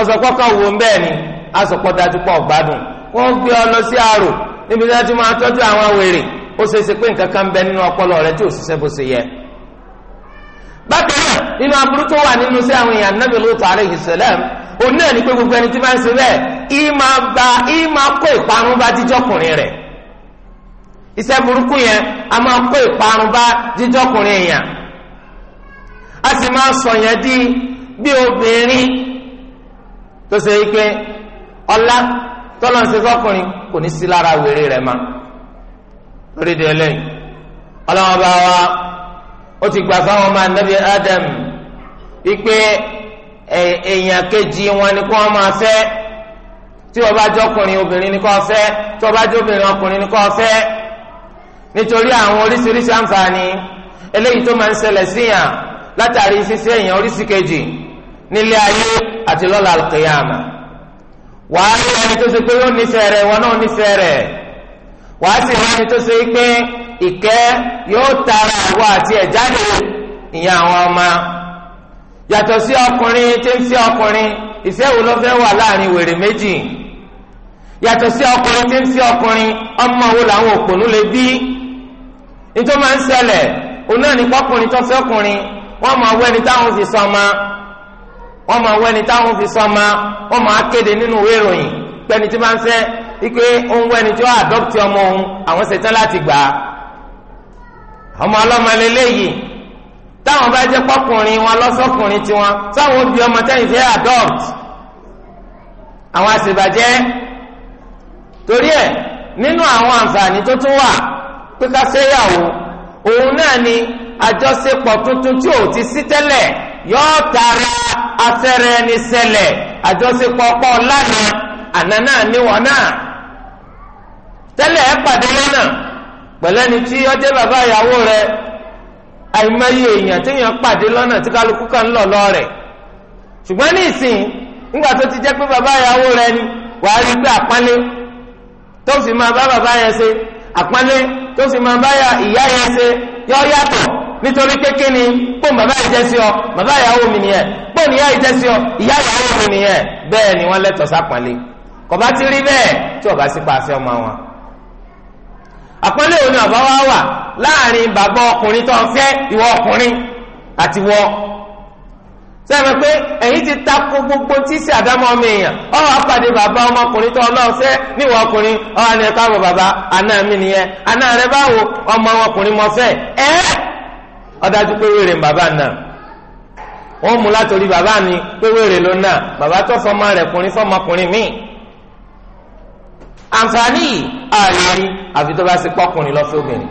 Speaker 1: ọ̀sọ̀kọ́kọ́ wò ń bẹ́ẹ̀ ni asọ̀kọ́ dájú pọ̀ gbádùn wọ́n gbé ọ lọ sí àrò níbi tí máa tọ́jú àwọn wèrè ó ṣeéṣe pé nǹkan kan bẹ nínú ọpọlọ rẹ tí ò ṣiṣẹ́ bó ṣe yẹ bákan náà nínú aburú tó wà nínú sí àwọn èèyàn Nabi Lut alayhi salam òun náà ní pé gbogbo ẹni tí máa ń ṣe bẹ́ẹ̀ ìmà kó yẹn a máa kó ìparun bá jíjọkùnrin èèyàn a sì máa sọ yẹn di bí obìnrin tó ṣe pé ọlá tọ́lọ́ ń ṣe sọ́kùnrin kò ní sí lára wèrè ma lórí ìdílé ó ti gbà fáwọn ọmọ anabi adam wípé èèyàn kejì wọn ni kó wọn máa fẹ́ tí wọn bá jẹ́ ọkùnrin obìnrin ni kó fẹ́ tí wọn bá jẹ́ obìnrin ọkùnrin ni kó fẹ́ nítorí àwọn oríṣiríṣi àǹfààní eléyìí tó máa ń ṣẹlẹ̀ síyàn látàrí ṣíṣe èèyàn oríṣi kejì nílé ayé àti lọ́la alqiyama wàá ní ẹni tó ṣe pé yóò nífẹ̀ẹ́ rẹ̀ wọn náà nífẹ̀ẹ́ rẹ̀ wàá sì ní ẹni tó ṣe pé. ìkẹ́ yóò tara àwọ àti ẹ̀jáde ìyẹn àwọn ọmọ yàtọ̀ sí ọkùnrin tí ń fi ọkùnrin ìfẹ́ wo ló fẹ́ wà láàrin wèrè méjì yàtọ̀ sí ọkùnrin tí ń fi ọkùnrin ọmọ wo làwọn òpònú lè bí nítorí máa ń ṣẹlẹ̀ òun náà ní pọ́kùnrin tó fẹ́ ọkùnrin wọ́n máa fi sọ ọmọ wọ́n máa wẹ́ni táwọn fi sọ ọmọ wọ́n máa kéde nínú ìwé ìròyìn pẹ́ni tí máa ń fẹ́ wípé òun tí ọmọ ọlọ́mọ lélẹ́yìí táwọn bá jẹ́ pọ́kùnrin wọn lọ́sọ́kùnrin tiwọn sáwọn obì ọmọ tẹ́yìn fẹ́ adopt àwọn àṣebàjẹ́ torí ẹ̀ nínú àwọn àǹfààní tó tún wà pé ká òun náà ni àjọṣepọ̀ tuntun tí ò ti sí tẹ́lẹ̀ yóò tara afẹ́rẹ́ ẹni ṣẹlẹ̀ àjọṣepọ̀ pọ̀ lánàá àná náà níwọ̀n náà tẹ́lẹ̀ ẹ̀ pàdé lọ́nà. pẹ̀lú ẹni tí ó jẹ́ bàbá ìyàwó rẹ àìmọye èèyàn èèyàn pàdé lọ́nà tí kálukú kan lọ lọ rẹ ṣùgbọ́n ní ìsìn nígbà tó ti jẹ́ pé bàbá ìyàwó rẹ ni rí pé àpánlé tó sì máa bá bàbá yẹn ṣe àpánlé tó máa bá ìyá yẹn ṣe yọ nítorí ni pọ́n bàbá ọ bàbá ìyàwó mi nìyẹn pọ́n ìyá sí ọ ìyá ìyàwó mi nìyẹn bẹ́ẹ̀ ni wọ́n lẹ́tọ̀ọ́ bá ti rí bẹ́ẹ̀ tí àpọ́nlé òun ni àbá wa wà láàrin bàbá ọkùnrin tó ń fẹ́ ìwọ ọkùnrin àti wọ sẹ́mi pé èyí ti takò gbogbo tíṣe àdámọ́ ọmọ èèyàn ọ̀rọ̀ apàdé bàbá ọmọkùnrin tó ọlọ́ọ̀fẹ́ ọkùnrin ọ̀rọ̀ ni ẹ̀ka bàbá àná mi nìyẹn àná rẹ báwo ọmọ ọkùnrin mọ fẹ́ ẹ́ ọ̀dájú pé wèrè ń bàbá náà wọ́n mú bàbá mi pé wèrè ló náà bàbá tó fọmọ rẹ̀ kùnrin fọmọkùnrin míì àǹfààní yìí àlè rí àfi tó bá ṣe pọkùnrin lọ fún obìnrin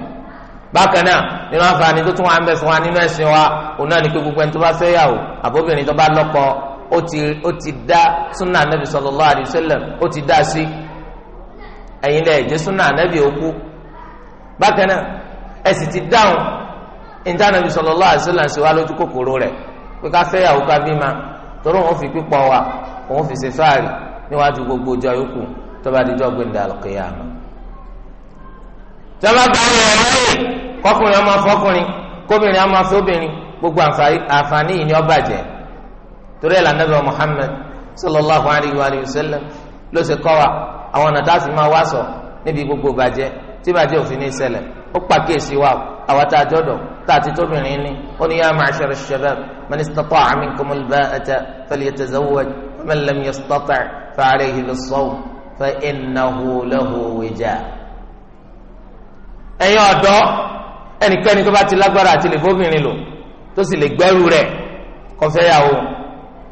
Speaker 1: bákan náà nínú àǹfààní tó tún wà ń bẹ fún wa nínú ẹ̀sìn wa òun náà ni pé gbogbo ẹni tó bá fẹ́ yàwó àbóbìnrin tó bá lọ́kọ ó ti ó ti dá súnà anábì sallallahu alaihi wasallam ó ti dá sí ẹ̀yin lẹ́yìn jẹ́ súnà anábì òkú bákan náà ẹ ti dáhùn ìdánábì sallallahu alaihi wasallam sí wa lójú kòkòrò rẹ̀ pé ká fẹ́ yàwó ká bímọ torí òun fi pípọ̀ wa òun fi ṣe fáàrí níwájú gbogbo ọjọ́ yòókù tọ́ba àdìjọ́ gbẹ̀ndà àlùkìyàmù tọ́ba gba ẹ̀rọ lẹ́yìn kọkùnrin ọmọ fọkùnrin kóbìnrin ọmọ fọbìnrin gbogbo àǹfààní yìí ni ó bàjẹ́ torí ẹ̀ lànà bẹ́ẹ̀ Muhammad sallallahu alayhi wa sallam ló ṣe kọ́ wa àwọn ọ̀nà táàfin máa wá sọ níbi gbogbo bàjẹ́ tí bàjẹ́ òfin ní ṣẹlẹ̀ ó pàkíyèsí wa àwa tá a jọ́dọ̀ tá a ti tóbìnrin ní ó ní yá ma'ashara shabab man istata'a minkumul ba'ata falyatazawwaj wa man lam yastati' fa'alayhi bis-sawm fa innahu lahu wija ẹ̀yin ọ̀dọ́ ẹnikẹ́ni tó bá ti lágbára àti lè fóbìnrin lò tó sì lè gbẹ́rù rẹ̀ kọfẹ́yàwó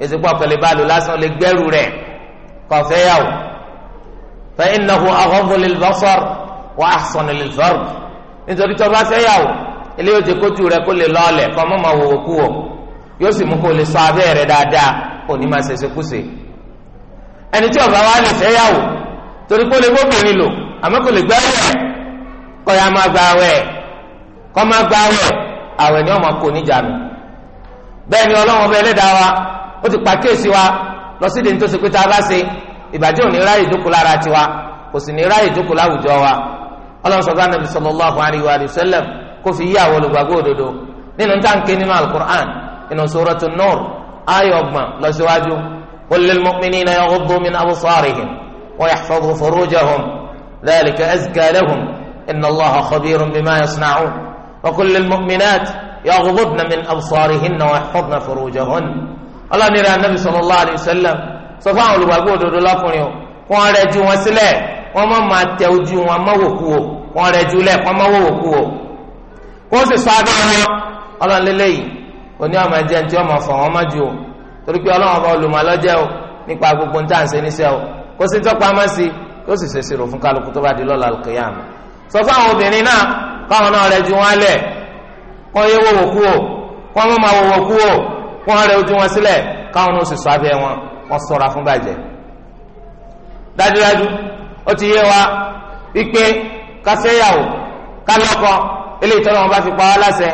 Speaker 1: ezekwa kẹlẹ́ bá lò lásán lè gbẹ́rù rẹ̀ kọfẹ́yàwó fa innahu aghaddu lil basar wa ahsanu lil fard nítorí tó bá fẹ́yàwó eléyìí ojú kójú rẹ̀ kó lè lọ́ọ̀lẹ̀ kọ́ wò wò kú wò yóò sì mú kó lè sọ abẹ́ rẹ̀ dáadáa òní máa ṣẹṣẹ kúṣe ẹni tí ọba wa lè fẹ́yàwó torí kó lè gbóbìnrin lò àmọ́ kò lè gbá wẹ̀ kọ́ ya máa gba wẹ̀ kọ́ máa gba wẹ̀ àwẹ̀ ni ọmọ kò níjànú bẹ́ẹ̀ ni ọlọ́wọ́n bẹ́ẹ̀ lẹ́dàá wa ó ti pàkíyèsí wa lọ sí ìdíni tó ṣe pé tá a bá ṣe ìbàjẹ́ ò ní ráyè ìjókòó lára tiwa kò sì ní ráyè ìjókòó láwùjọ wa ọlọ́run sọ̀rọ̀ ànábì sallallahu alaihi قل للمؤمنين يغضوا من أبصارهم ويحفظوا فروجهم ذلك أزكى لهم إن الله خبير بما يصنعون وكل المؤمنات يغضبن من أبصارهن ويحفظن فروجهن الله نرى النبي صلى الله عليه وسلم صفاء الوقود ودلقني قال جوا سلا وما ما توجوا وما وقوا قال جوا لا وما وقوا قوس الصادق الله للي ونعم جان جوا ما فهم جو torí pé ọlọ́run ọba olùmọ̀lọ́jẹ́ o nípa gbogbo ń tàǹsẹ̀ níṣẹ́ o kó sì tọ́pọ̀ amọ́ sí kó sì ṣe ṣèrò fún kálukú tó bá di lọ́la al-qiyama sọ fáwọn obìnrin náà káwọn náà rẹ ju wọn lẹ̀ kọ́ yé wòwò kú o kọ́ mọ́ máa wòwò kú o kọ́ rẹ ojú wọn sílẹ̀ káwọn náà sì sọ abẹ́ wọn wọ́n sọ̀ra fún bàjẹ́ dájúdájú ó ti yé wa wípé kásẹ́yàwó kálọ́kọ eléyìí tọ́lọ́wọ́n bá fi pa wá láṣẹ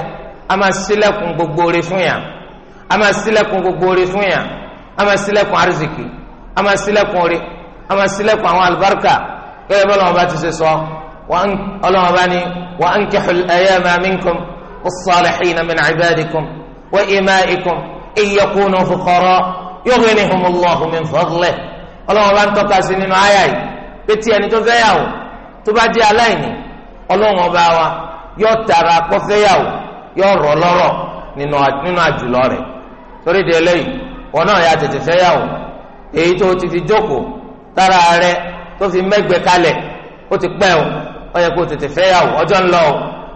Speaker 1: a máa ṣílẹ̀kùn gbogbo oore fún yàn a máa ṣílẹ̀kùn gbogbo oore fún yàn a máa ṣílẹ̀kùn arzikì a máa ṣílẹ̀kùn oore a máa ṣílẹ̀kùn àwọn alibarika gẹ́gẹ́ bá ọlọ́wọ́n bá ti ṣe sọ ọlọ́wọ́n bá ní wa ankihul ayyama minkum wassalihina min ibadikum wa imaikum in yakunu fuqara yughnihumullahu min fadlihi ọlọ́wọ́n bá ń tọ́ka sí nínú àyà yìí pé tí ẹni tó fẹ́ yàwó tó bá jẹ́ aláìní ọlọ́wọ́n bá wa yóò tara kó fẹ́ yàwó yóò rọ̀ lọ́rọ̀ nínú àjùlọ rẹ̀ torí di eléyìí wọn náà yà tètè fẹ́ yàwó èyí tó ti fi jókòó tára rẹ tó fi mẹ́gbẹ́ kalẹ̀ ó ti pẹ́ o ó yẹ kó tètè fẹ́ yàwó ọjọ́ ń lọ o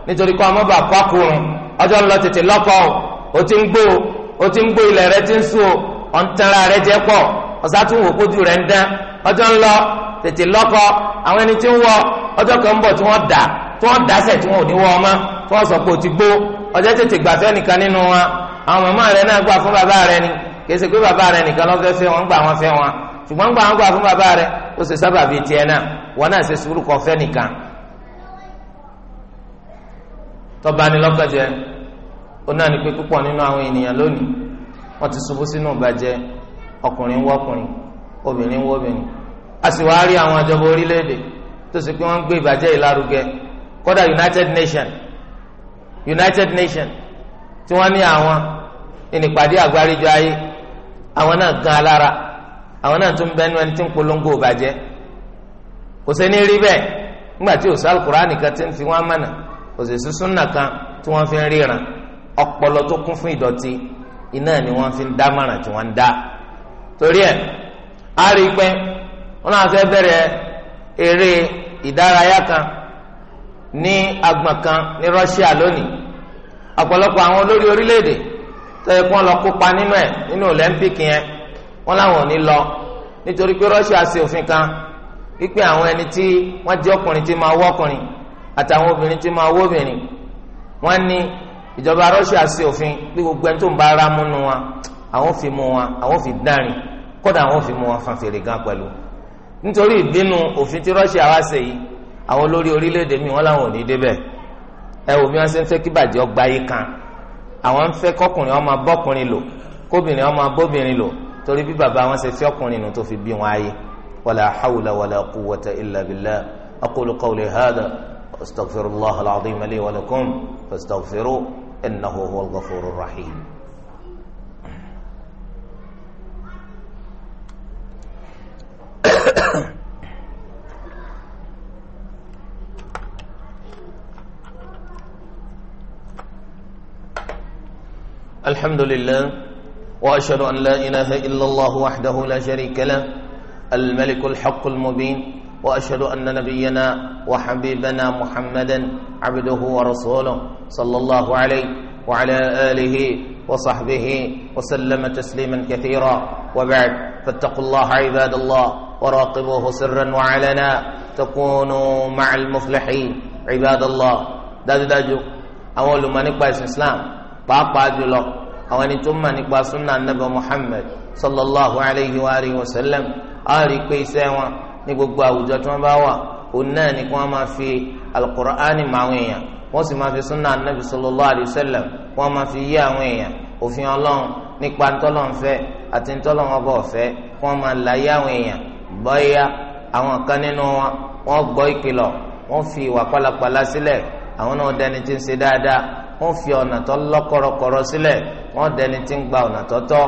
Speaker 1: nítorí kọ́ ọmọ bà kọ́ kùrùn ọjọ́ ń lọ tètè lọ́kọ́ o ó ti ń gbó o ó ti ń gbó ilẹ̀ rẹ ti ń sùn o ọ̀ ń tẹ́ra rẹ jẹ́ pọ̀ ọ̀sátúnwò kójú rẹ̀ ń dán ọjọ́ ń tètè lọ́kọ àwọn ẹni tí ń wọ ọjọ́ kan bọ̀ tí wọ́n dà tí wọ́n dà tí wọ́n ò ní wọ ọmọ tí wọ́n sọ pé o ti gbó ọjọ́ tètè gbàfẹ́ nìkan nínú wọn àwọn màmá rẹ náà gbà fún bàbá rẹ ni kìí ṣe pé bàbá rẹ nìkan lọ́fẹ́ fẹ́ wọn gbà wọn fẹ́ wọn ṣùgbọ́n gbà wọn gbà fún bàbá rẹ ó ṣe sábà bíi tiẹ̀ náà wọn náà ṣe sùúrù kọ́ nìkan tọ́ba ni lọ́kànjẹ́ ó náà ní pé púpọ̀ nínú àwọn ènìyàn lónìí wọ́n ti ṣubú sínú ìbàjẹ́ ọkùnrin wọ́kùnrin obìnrin wọ́bìnrin a sì wá rí àwọn àjọba orílẹ̀-èdè tó sì pé wọ́n gbé ìbàjẹ́ ìlarugẹ kódà United Nations United Nations tí wọ́n ní àwọn ìnìpàdé àgbáríjọ ayé àwọn náà gan alára àwọn náà tún bẹnu ẹni tí ń polongo ìbàjẹ́ kò sẹ́ni rí bẹ́ẹ̀ nígbà tí òsì alukurani kan ti ń fi wọn mọ̀nà òsì sísun náà kan tí wọ́n fi ń ríran ọpọlọ tó kún fún ìdọ̀tí iná ni wọ́n fi ń dá mọ̀ràn tí wọ́n ń dá torí ẹ̀ á rí i pé wọ́n náà fẹ́ bẹ̀rẹ̀ eré ìdárayá kan ní agbọ̀n kan ní Russia lónìí ọ̀pọ̀lọpọ̀ àwọn olórí orílẹ̀-èdè tẹ́yẹ kí wọ́n lọ kópa nínú ẹ̀ nínú olympic yẹn wọ́n láwọn ò ní lọ nítorí pé Russia ṣe òfin kan wípé àwọn ẹni tí wọ́n jẹ́ ọkùnrin tí máa wọ́kùnrin àtàwọn obìnrin tí máa wóbìnrin wọ́n ní ìjọba Russia ṣe òfin pé gbogbo ẹni tó ń bá ara mú nu wọn àwọn fi mú wọn àwọn fi dárin kódà àwọn fi mú wọn fan fèrè gan pẹ̀lú nítorí ìbínú òfin tí Russia wá ṣe yìí àwọn olórí orílẹ̀-èdè mi wọ́n láwọn ò ní débẹ̀ ẹ wò mí wọ́n ṣe ń fẹ́ kí ọgbà yìí kan àwọn ń fẹ́ kọkùnrin ó máa bọ́kùnrin lò kóbìnrin ó máa bóbìnrin lò torí bí bàbá wọn ṣe fi ọkùnrin nù tó fi bí wọn ayé wala hawla wala quwwata illa billah aqulu qawli hadha astaghfirullaha al-azim li wa lakum fastaghfiruhu innahu rahim. الحمد لله وأشهد أن لا إله إلا الله وحده لا شريك له الملك الحق المبين وأشهد أن نبينا وحبيبنا محمدا عبده ورسوله صلى الله عليه وعلى آله وصحبه وسلم تسليما كثيرا وبعد فاتقوا الله عباد الله وراقبوه سرا وعلنا تكونوا مع المفلحين عباد الله داد داجو أول ما نقبل الإسلام pàápàá jùlọ àwọn ẹni tó mọ̀ nípa sunna anabi muhammed sallallahu alayhi wa alihi wa sallam á rí i pé iṣẹ́ wọn ní gbogbo àwùjọ tí wọ́n bá wà òun náà ni kí wọ́n máa fi alukur'ani mọ àwọn èèyàn wọ́n sì máa fi sunna anabi sallallahu alayhi wa sallam wọ́n máa fi yé àwọn èèyàn òfin ọlọ́run nípa ntọ́lọ́nfẹ́ àti ntọ́lọ́nwọ́bọ̀ ọ̀fẹ́ kí wọ́n máa láyé àwọn èèyàn bọ́yá àwọn kan nínú wọn wọ́n gbọ́ ìkìlọ̀ wọ́n fi ìwà pálapàla sílẹ̀ àwọn náà dẹni tí ń ṣe dáadáa wọ́n fi ọ̀nà tó lọ́kọ̀rọ̀kọ̀rọ̀ sílẹ̀ wọ́n dẹni tí ń gba ọ̀nà tó tọ́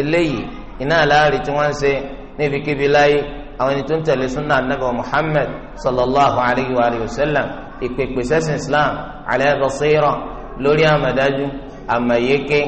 Speaker 1: eléyìí iná aláàrí tí wọ́n ń ṣe níbikíbi láyé àwọn ẹni tó ń tẹ̀lé súnà anábì muhammed sallallahu alayhi wa sallam ìpèpè sẹ́sìn islam ala basira lórí àmàdájú àmàyéké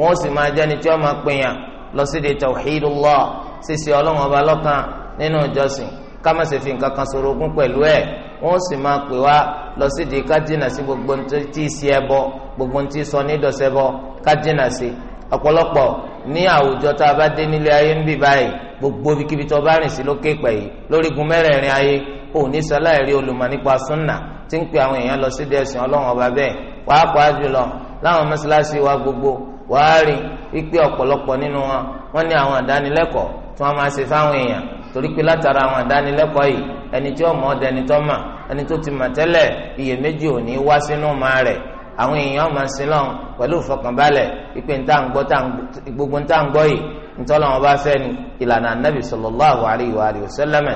Speaker 1: wọ́n sì máa jẹ́ni tí wọ́n máa pènyàn lọ sí di tawhidullah ṣíṣe ọlọ́run ọba nínú ìjọsìn ká má ṣe fi nǹkan kan ṣorogún pẹ̀lú ẹ̀ wọ́n sì máa pè wá lọ sí di kájínà sí gbogbo tí ì sí ẹbọ gbogbo tí ì sọ nídọ̀sẹ̀ bọ kájínà sí ọ̀pọ̀lọpọ̀ ní àwùjọ tá a bá dé nílé ayé ń bì báyìí gbogbo ibikíbi tó bá rìn sí lókè pẹ̀ yìí lórí gun mẹ́rẹ̀ẹ̀rin ayé òní sáláìrí olùmọ̀ nípa súnà tí ń pe àwọn èèyàn lọ sí dẹ́sìn ọlọ́run ọba bẹ́ẹ̀ wàá pàá jùlọ láwọn mọ́ṣáláṣí wa gbogbo wàá rìn wípé ọ̀pọ̀lọpọ̀ nínú wọn wọ́n ní àwọn àdánilẹ́kọ̀ọ́ tí wọ́n máa ṣe fáwọn èèyàn torí pé látara àwọn àdánilẹ́kọ̀ọ́ yìí ẹni tí ó mọ̀ ọ́dẹ ẹni tó mọ̀ ẹni tó ti mọ̀ tẹ́lẹ̀ iyèméjì ò ní wá sínú ma rẹ̀ àwọn èèyàn máa sin pẹ̀lú ìfọkànbalẹ̀ pípé gbogbo ntá ń gbọ́ yìí ntọ́lọ́ wọn bá fẹ́ ni ìlànà anábì sallallahu alayhi wa sallam ni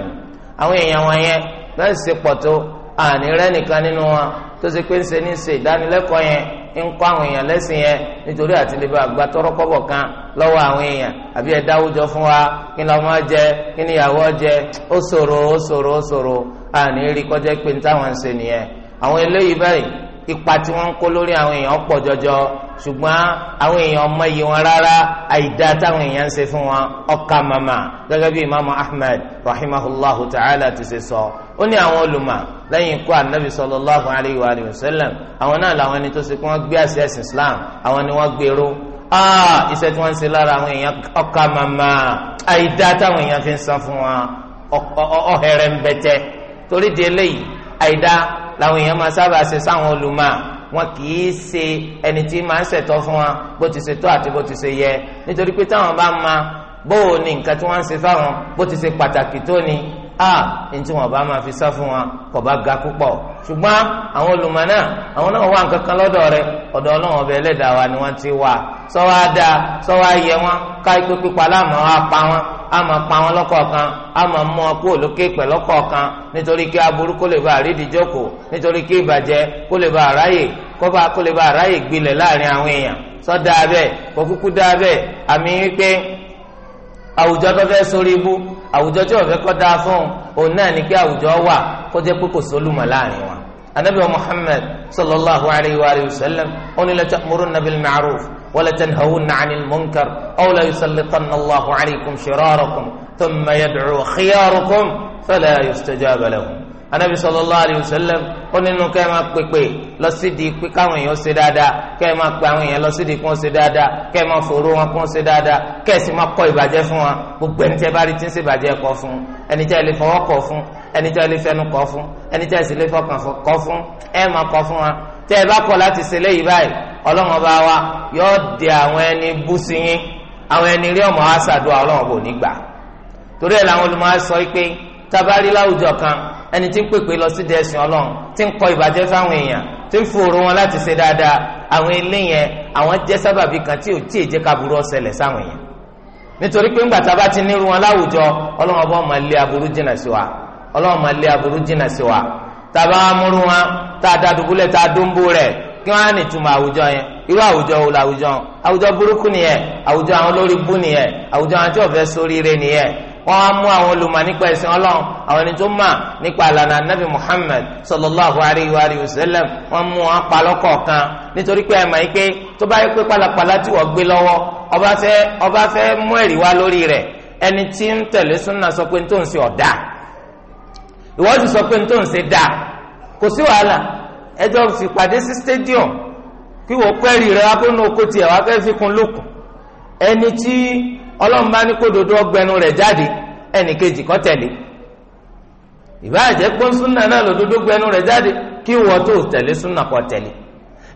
Speaker 1: àwọn èèyàn wọn yẹn bẹ́ẹ̀ sì pọ̀ tó àní rẹ nìkan nínú wọn tó ṣe pé ń ṣe ní ṣe ìdánilẹ́kọ̀ọ́ yẹn ń kọ́ àwọn èèyàn lẹ́sìn yẹn nítorí àti lè bá àgbà tọrọ kan lọ́wọ́ àwọn èèyàn àbí ẹ dáwùjọ fún wa kí ni ọmọ jẹ kí ni ìyàwó jẹ ó ṣòro ó ṣòro ó ṣòro àní rí kọjá pé ní táwọn ń ṣe nìyẹn àwọn eléyìí báyìí ipa tí wọ́n ń kó lórí àwọn èèyàn pọ̀ jọjọ ṣùgbọ́n àwọn èèyàn ọmọ yìí wọn rárá àìdá táwọn èèyàn ń ṣe fún wọn ọkà màmá gẹ́gẹ́ bí imaamu ahmed rahimahullahu ta'ala ti ṣe sọ ó ní àwọn olùmọ̀ lẹ́yìn ikú anabi sallallahu alayhi wa sallam àwọn náà làwọn ẹni tó ṣe kí wọ́n gbé àṣẹ ẹ̀sìn islam àwọn ni wọ́n gbèrú ah, iṣẹ́ tí wọ́n ń ṣe lára àwọn èèyàn ọkà màmá àìdá táwọn èèyàn fi ń san fún wa ọ̀hẹ̀rẹ̀ ń bẹ̀tẹ̀ torí di eléyìí àìdá làwọn èèyàn máa sábà ṣe sáwọn olùmọ̀ wọn kì í ṣe ẹni tí máa ń ṣẹ̀tọ́ fún wa bó ti ṣe tó àti bó ti ṣe yẹ nítorí pé táwọn bá máa bóò ní nǹkan tí wọ́n ń ṣe fáwọn bó ti ṣe pàtàkì tó ni a ntí wọn bá máa fi sá fún wa kò bá ga púpọ̀ ṣùgbọ́n àwọn olùmọ̀ náà àwọn náà wà nǹkan kan lọ́dọ̀ rẹ̀ ọ̀dọ̀ Ọlọ́run ọbẹ Ẹlẹ́dàá wa ni wọ́n ti wà sọwọ ada sọwọ ayẹ wọn ká ikú pípa láàmú wa pa wọn a máa pa wọn lọ́kọ̀ọ̀kan a máa mú ọkú òlókè pẹ lọ́kọ̀ọ̀kan nítorí kí aburú kó lè bá àrídìí jókòó nítorí kí ìbàjẹ́ kó lè bá àráyè kó bá kó lè bá àráyè gbilẹ̀ láàrin àwọn èèyàn sọ dáa bẹ́ẹ̀ kó kúkú àmì wípé àwùjọ tó fẹ́ sórí ibú àwùjọ tí òfẹ́ kọ́ dáa fún òun náà ní kí àwùjọ wà kó jẹ́ pé kò sólùmọ̀ láàrin wa anabi muhammad sallallahu alayhi wa sallam oní la ta'murunna bil ma'ruf wa la tanhawunna 'anil munkar aw la yusallitanna allahu alaykum shirarakum thumma yad'u khiyarukum fala yustajaba lahum anabi sallallahu alayhi wa sallam ó nínú kẹ́ ẹ máa pèpè lọ sí di pé káwọn èèyàn ṣe dáadáa kẹ́ ẹ máa pe àwọn èèyàn lọ sí di kí wọ́n ṣe dáadáa kẹ́ ẹ máa fòró wọn kí wọ́n ṣe dáadáa kẹ́ ẹ sì máa kọ̀ ìbàjẹ́ fún wọn gbogbo ẹni tẹ́ bá rí tí ń ṣe ìbàjẹ́ fún ẹni tẹ́ lè fọwọ́ fún ẹni tẹ́ lè fẹnu kọ̀ fún ẹni tẹ́ sì lè fọkàn fún ẹ máa kọ̀ fún wọn tẹ́ ẹ bá kọ̀ láti ṣe léyìí báyìí ọlọ́wọ́n bá wa yóò di àwọn ẹni bú sí yín àwọn ẹni rí ọmọ àṣàdùn ọlọ́wọ́n bò ní gbà torí ẹ̀ kan ẹni tí ń pèpè lọ sí dẹ́sìn ọlọ́run tí ń kọ ìbàjẹ́ sáwọn èèyàn tí ń fòrò wọn láti ṣe dáadáa àwọn ilé yẹn àwọn jẹ́ sábàbí kan tí ò tí ì jẹ́ kaburú ọ̀sẹ̀lẹ̀ sáwọn èèyàn nítorí pé ńgbà tá a bá ti nírú wọn láwùjọ ọlọ́run ọba máa lé aburú jìnnà sí wa ọlọ́run máa lé aburú jìnnà sí wa tá a bá múrú wọn tá a dadùbúlẹ̀ tá a dúnbú rẹ̀ kí wọ́n á nìtumọ̀ àwùjọ yẹn irú àwùjọ wo làwùjọ àwùjọ burúkú nìyẹn àwùjọ àwọn olórí bú nìyẹn àwùjọ àwọn tí ò fẹ́ ṣoríire nìyẹn wọn á mú àwọn olùmọ̀ nípa ẹ̀sìn ọlọ́run àwọn ẹni tó mà nípa àlànà anabi muhammed sallallahu alayhi wa sallam wọ́n mú wọn pa lọ́kọ̀ọ̀kan nítorí pé ẹ mọ̀ pé tó bá yẹ pé pálapàla tí wọ́n gbé lọ́wọ́ ọba fẹ́ ọba fẹ́ mú ẹ̀rí wá lórí rẹ ẹni tí stadium kí wọ́n pẹ́ẹ́rì wá wá fi ọlọ́run bá ní kó dodo ọgbẹnu rẹ̀ jáde ẹnì kejì kọ́ tẹ̀lé ìbáàjẹ́ pé súnà náà lòdodo gbẹnu rẹ̀ jáde kí wọ́n tó tẹ̀lé súnà kọ́ tẹ̀lé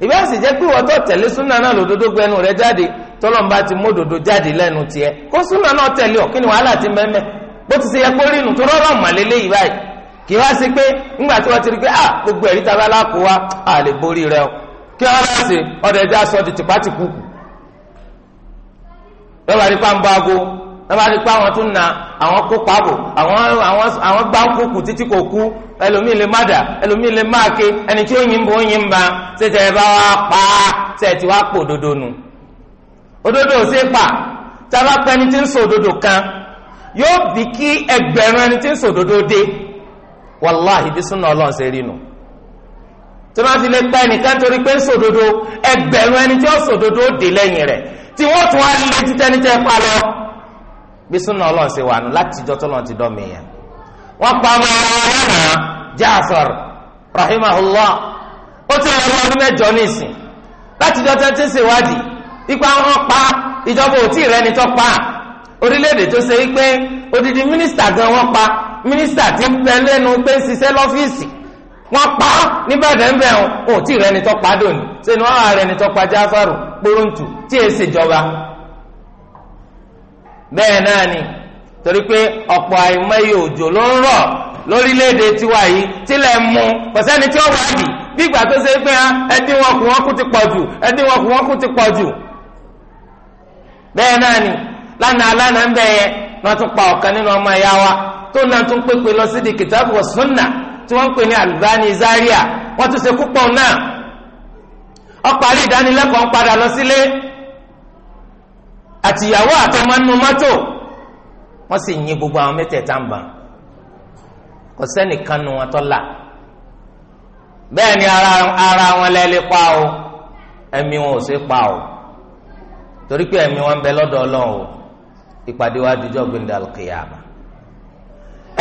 Speaker 1: ìbáàsì jẹ́ pé wọ́n tó tẹ̀lé súnà náà lòdodo gbẹnu rẹ̀ jáde tọ́lọ́run bá ti mú jáde lẹ́nu tiẹ̀ kó súnà náà tẹ̀lé ọ̀ kí ni ti mẹ́mẹ́ bó ti ṣe yẹ kó rí tó rọ́rọ́ màlélé yìí ti ẹ wà rí pàǹbá ago náà bá rí àwọn na àwọn kó pàbò àwọn àwọn àwọn títí kò kú ẹlòmíì lè má dà ẹlòmíì lè má ké ẹni tí ó yin yin ba ṣètò ẹ bá nu òdodo pa tábà kan yóò bí kí ẹgbẹ̀rún ẹni tí ń sọ òdodo dé wàláhì bí súnà ṣe rí nu fi lè pa ẹnìkan tí wọ́n tún wá lé títẹ́ni tẹ́ pa lọ. bí súnà ọlọ́run ṣe wà nù láti ìjọ ti dọ́ wọ́n pa ọmọ ara wọn lánàá Jaafar ó ti rẹ̀ ọdún mẹ́jọ ní ìsìn ti tí pa odidi mínísítà gan wọn pa mínísítà ti bẹ lẹ́nu pé ń ṣiṣẹ́ lọ́fíìsì wọn pa bẹ́ẹ̀ ni kpóróntù tí èsì jọba bẹ́ẹ̀ náà ni torí pé ọ̀pọ̀ àìmọye òjò ló ń rọ lórílẹ̀ tiwa yìí tílẹ̀ mú kò sẹ́ni tí ó wà bì bí tó ṣe pé ah, ẹdín wọn kù wọn kù ti pọ jù ẹdín wọn kù wọn kù ti pọ̀ jù bẹ́ẹ̀ náà ni lánàá lánàá ń tún pa tó náà tún pépè lọ
Speaker 2: ọparí ìdánilẹ́kọ̀ọ́ ń padà lọ sílé
Speaker 1: àtìyàwó àtọmọ nínú mọ́tò wọ́n sì yin gbogbo àwọn mẹ́tẹ̀ẹ̀ta ń bàn kò sẹ́nìkan nu wọn tó là bẹ́ẹ̀ ni ara wọn lẹ́lẹ́ pa o ẹ̀mí wọn ò sí pa o torí pé ẹ̀mí wọn ń bẹ lọ́dọ̀ ọlọ́run o ìpàdé wa dijọ́ gbẹ̀ndà kìyàmà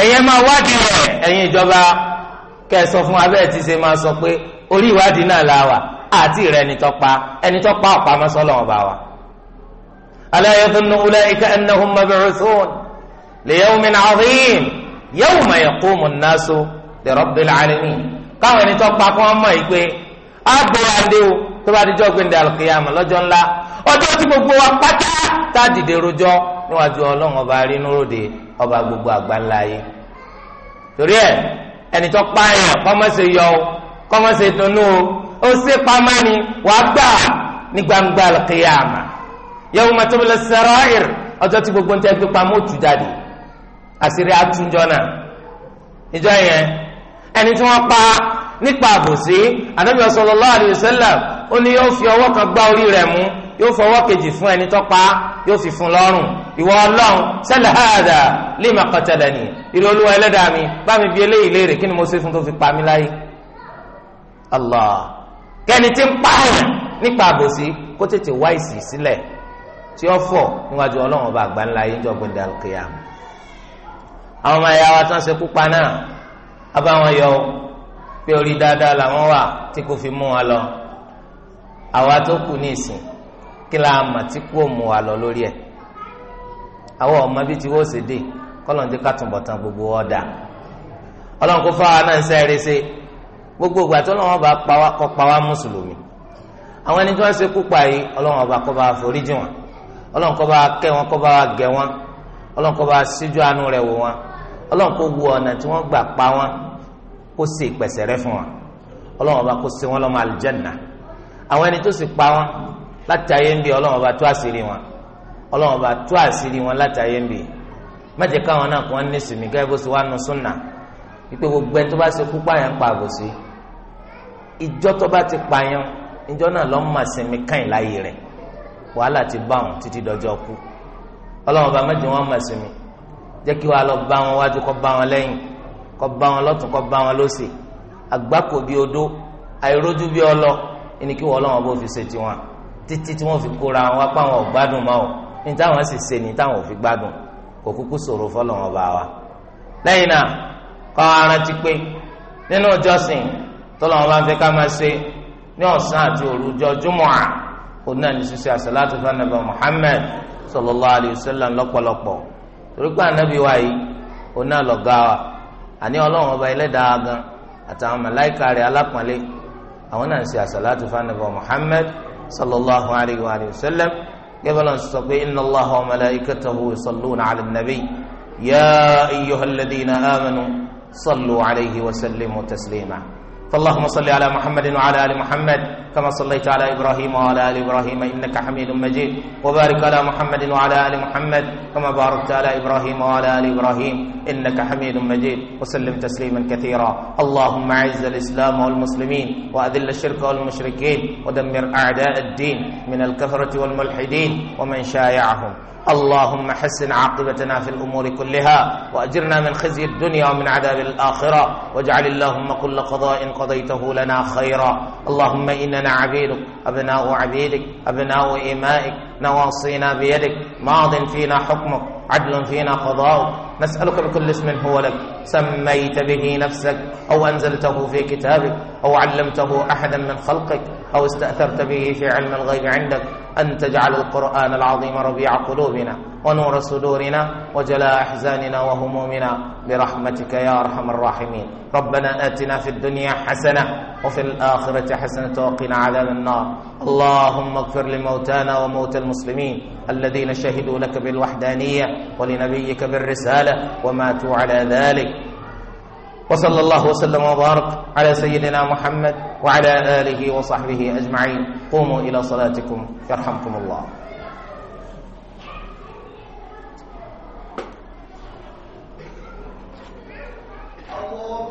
Speaker 1: ẹ̀yẹ́ máa wádìí rẹ̀ ẹ̀yin ìjọba kẹ́ ẹ sọ fún abẹ́ẹ̀ tí ṣe máa sọ pé orí ìwádìí náà la wà àti rẹ̀ ẹni tó pa ẹni tó pa ọ̀pá mọ́ sọ́lọ́ ọba wa. ala yadhunnu ulaika annahum mab'uthun li yawmin 'azim yawma yaqumu an-nasu li rabbil 'alamin káwọn ẹni tó pa kó wọn mọ̀ yìí pé àgbọ̀wádé tó bá dijọ́ gbẹ̀ndẹ̀ al-qiyamah lọ́jọ́ ńlá ọjọ́ tí gbogbo wa pátá tá a dìde rojọ́ níwájú ọlọ́run ọba rínúròde ọba gbogbo àgbáńlá yìí torí ẹ ẹni tó pààyàn kọ́mọ́sẹ̀ yọ kọ́mọ́sẹ̀ dunnú o ó ṣe pamọ́ ni wàá gbà ní gbangba kìyàmà yawma tubla sarair ọjọ́ tí gbogbo ń tẹ́ gbé pamọ́ òtù jáde àṣírí àtúnjọ náà ìjọ yẹn ẹni tí wọ́n pa nípa àbòsí ànábì sallallahu alaihi wasallam ó ní yóò fi ọwọ́ kan gbá orí rẹ̀ mú yóò fọwọ́ kejì fún ẹni tó pa yóò fi fún lọ́rùn ìwọ ọlọ́run sẹ́lẹ̀ hàdà lima qatalani ìrẹ́ olúwa ẹlẹ́dàá mi bá mi bi eléyìí léèrè kí ni mo ṣe fún tó fi pa mí láyé allah kẹ́ni tí ń pààyàn nípa àbòsí kó tètè wá ìsì sílẹ̀ tí ó fọ̀ níwájú ọlọ́run ọba àgbáńlá yìí jọ gbẹ̀dẹ̀ àlùkìyà àwọn ọmọ ẹ̀yà wa tán ṣe kú pa náà abáwọn yọ pé orí dáadáa làwọn wà tí kò fi mú wa lọ àwa tó kù ní ìsìn kí la mà tí kò mú wa lọ lórí ẹ̀ àwọn ọmọ bíi ti wọ́ọ̀sì dè kọ́lọ́ọ̀dé ká túnbọ̀ tán gbogbo ọ̀dà ọlọ́run kò fáwọn náà ń sẹ́ẹ̀rẹ́ gbogbo ìgbà tó lọ́wọ́ bá kọ́ pa wá mùsùlùmí àwọn ẹni tí wọ́n ṣe kú pa yìí ọlọ́wọ́ bá kọ́ bá foríjì wọn ọlọ́wọ́ kọ́ bá kẹ́ wọn kọ́ bá gẹ̀ wọn ọlọ́wọ́ kọ́ bá síjú àánú rẹ̀ wò wọn ọlọ́wọ́ kó wu ọ̀nà tí wọ́n gbà pa wọn kó sì ìpẹ̀sẹ̀ rẹ̀ fún wọn ọlọ́wọ́ bá kó sí wọn lọ́mọ àlùjànnà àwọn ẹni tó sì pa wọn láti ayé ń bì ọlọ́wọ́ bá tú àṣírí wọn ọlọ́wọ́ bá tó ìjọ tó bá ti pààyàn ìjọ náà lọ́ọ́ máa sinmi káyìn láàyè rẹ̀ wàhálà ti bá wọn títí dọjọ́ kú ọlọ́run ọba méjì wọn máa sinmi jẹ́ kí wàá lọ bá wọn wájú kọ́ bá wọn lẹ́yìn kọ́ bá wọn lọ́tún kọ́ bá wọn lọ́sì àgbákò bíi odó àìrójú bíi ọlọ ẹni kí wọ́n ọlọ́run ọba fi ṣe tiwọn títí tí wọ́n fi kóra wọn wá páwọn ọ̀gbádùn máa wọn ní táwọn sì ṣe ní táwọn ò fi gbádùn kò kúkú ṣòro fọlọ́run ọba wa lẹ́yìn náà kọ́ ara ti pé nínú ìjọsìn tọ́lọ́ wọn bá fẹ́ ká máa ṣe ní ọ̀sán àti òrùjọ júmọ̀à òun náà ní ṣíṣe àṣàlátù fún anabi muhammed sallallahu alayhi wa sallam lọ́pọ̀lọpọ̀ torí pé anabi wa yìí òun náà lọ̀gá wa àní ọlọ́run ọba ẹlẹ́dàá gan àtàwọn màláìka rẹ̀ alápọ̀nlé àwọn náà ń ṣe àṣàlátù fún anabi muhammed sallallahu alayhi wa sallam gẹ́gẹ́ lọ́n sọ pé inna allah wa فاللهم صل على محمد وعلى ال محمد كما صليت على ابراهيم وعلى ال ابراهيم انك حميد مجيد وبارك على محمد وعلى ال محمد كما باركت على ابراهيم وعلى ال ابراهيم انك حميد مجيد وسلم تسليما كثيرا اللهم اعز الاسلام والمسلمين واذل الشرك والمشركين ودمر اعداء الدين من الكفره والملحدين ومن شايعهم اللهم حسن عاقبتنا في الأمور كلها وأجرنا من خزي الدنيا ومن عذاب الآخرة واجعل اللهم كل قضاء قضيته لنا خيرا اللهم إننا عبيدك أبناء عبيدك أبناء إمائك نواصينا بيدك ماض فينا حكمك عدل فينا قضاؤك نسألك بكل اسم هو لك سميت به نفسك أو أنزلته في كتابك أو علمته أحدا من خلقك أو استأثرت به في علم الغيب عندك أن تجعل القرآن العظيم ربيع قلوبنا ونور صدورنا وجلاء أحزاننا وهمومنا برحمتك يا أرحم الراحمين ربنا آتنا في الدنيا حسنة وفي الآخرة حسنة وقنا عذاب النار اللهم اغفر لموتانا وموتى المسلمين الذين شهدوا لك بالوحدانية ولنبيك بالرسالة وماتوا على ذلك وصلى الله وسلم وبارك على سيدنا محمد وعلى آله وصحبه أجمعين قوموا إلى صلاتكم يرحمكم
Speaker 2: الله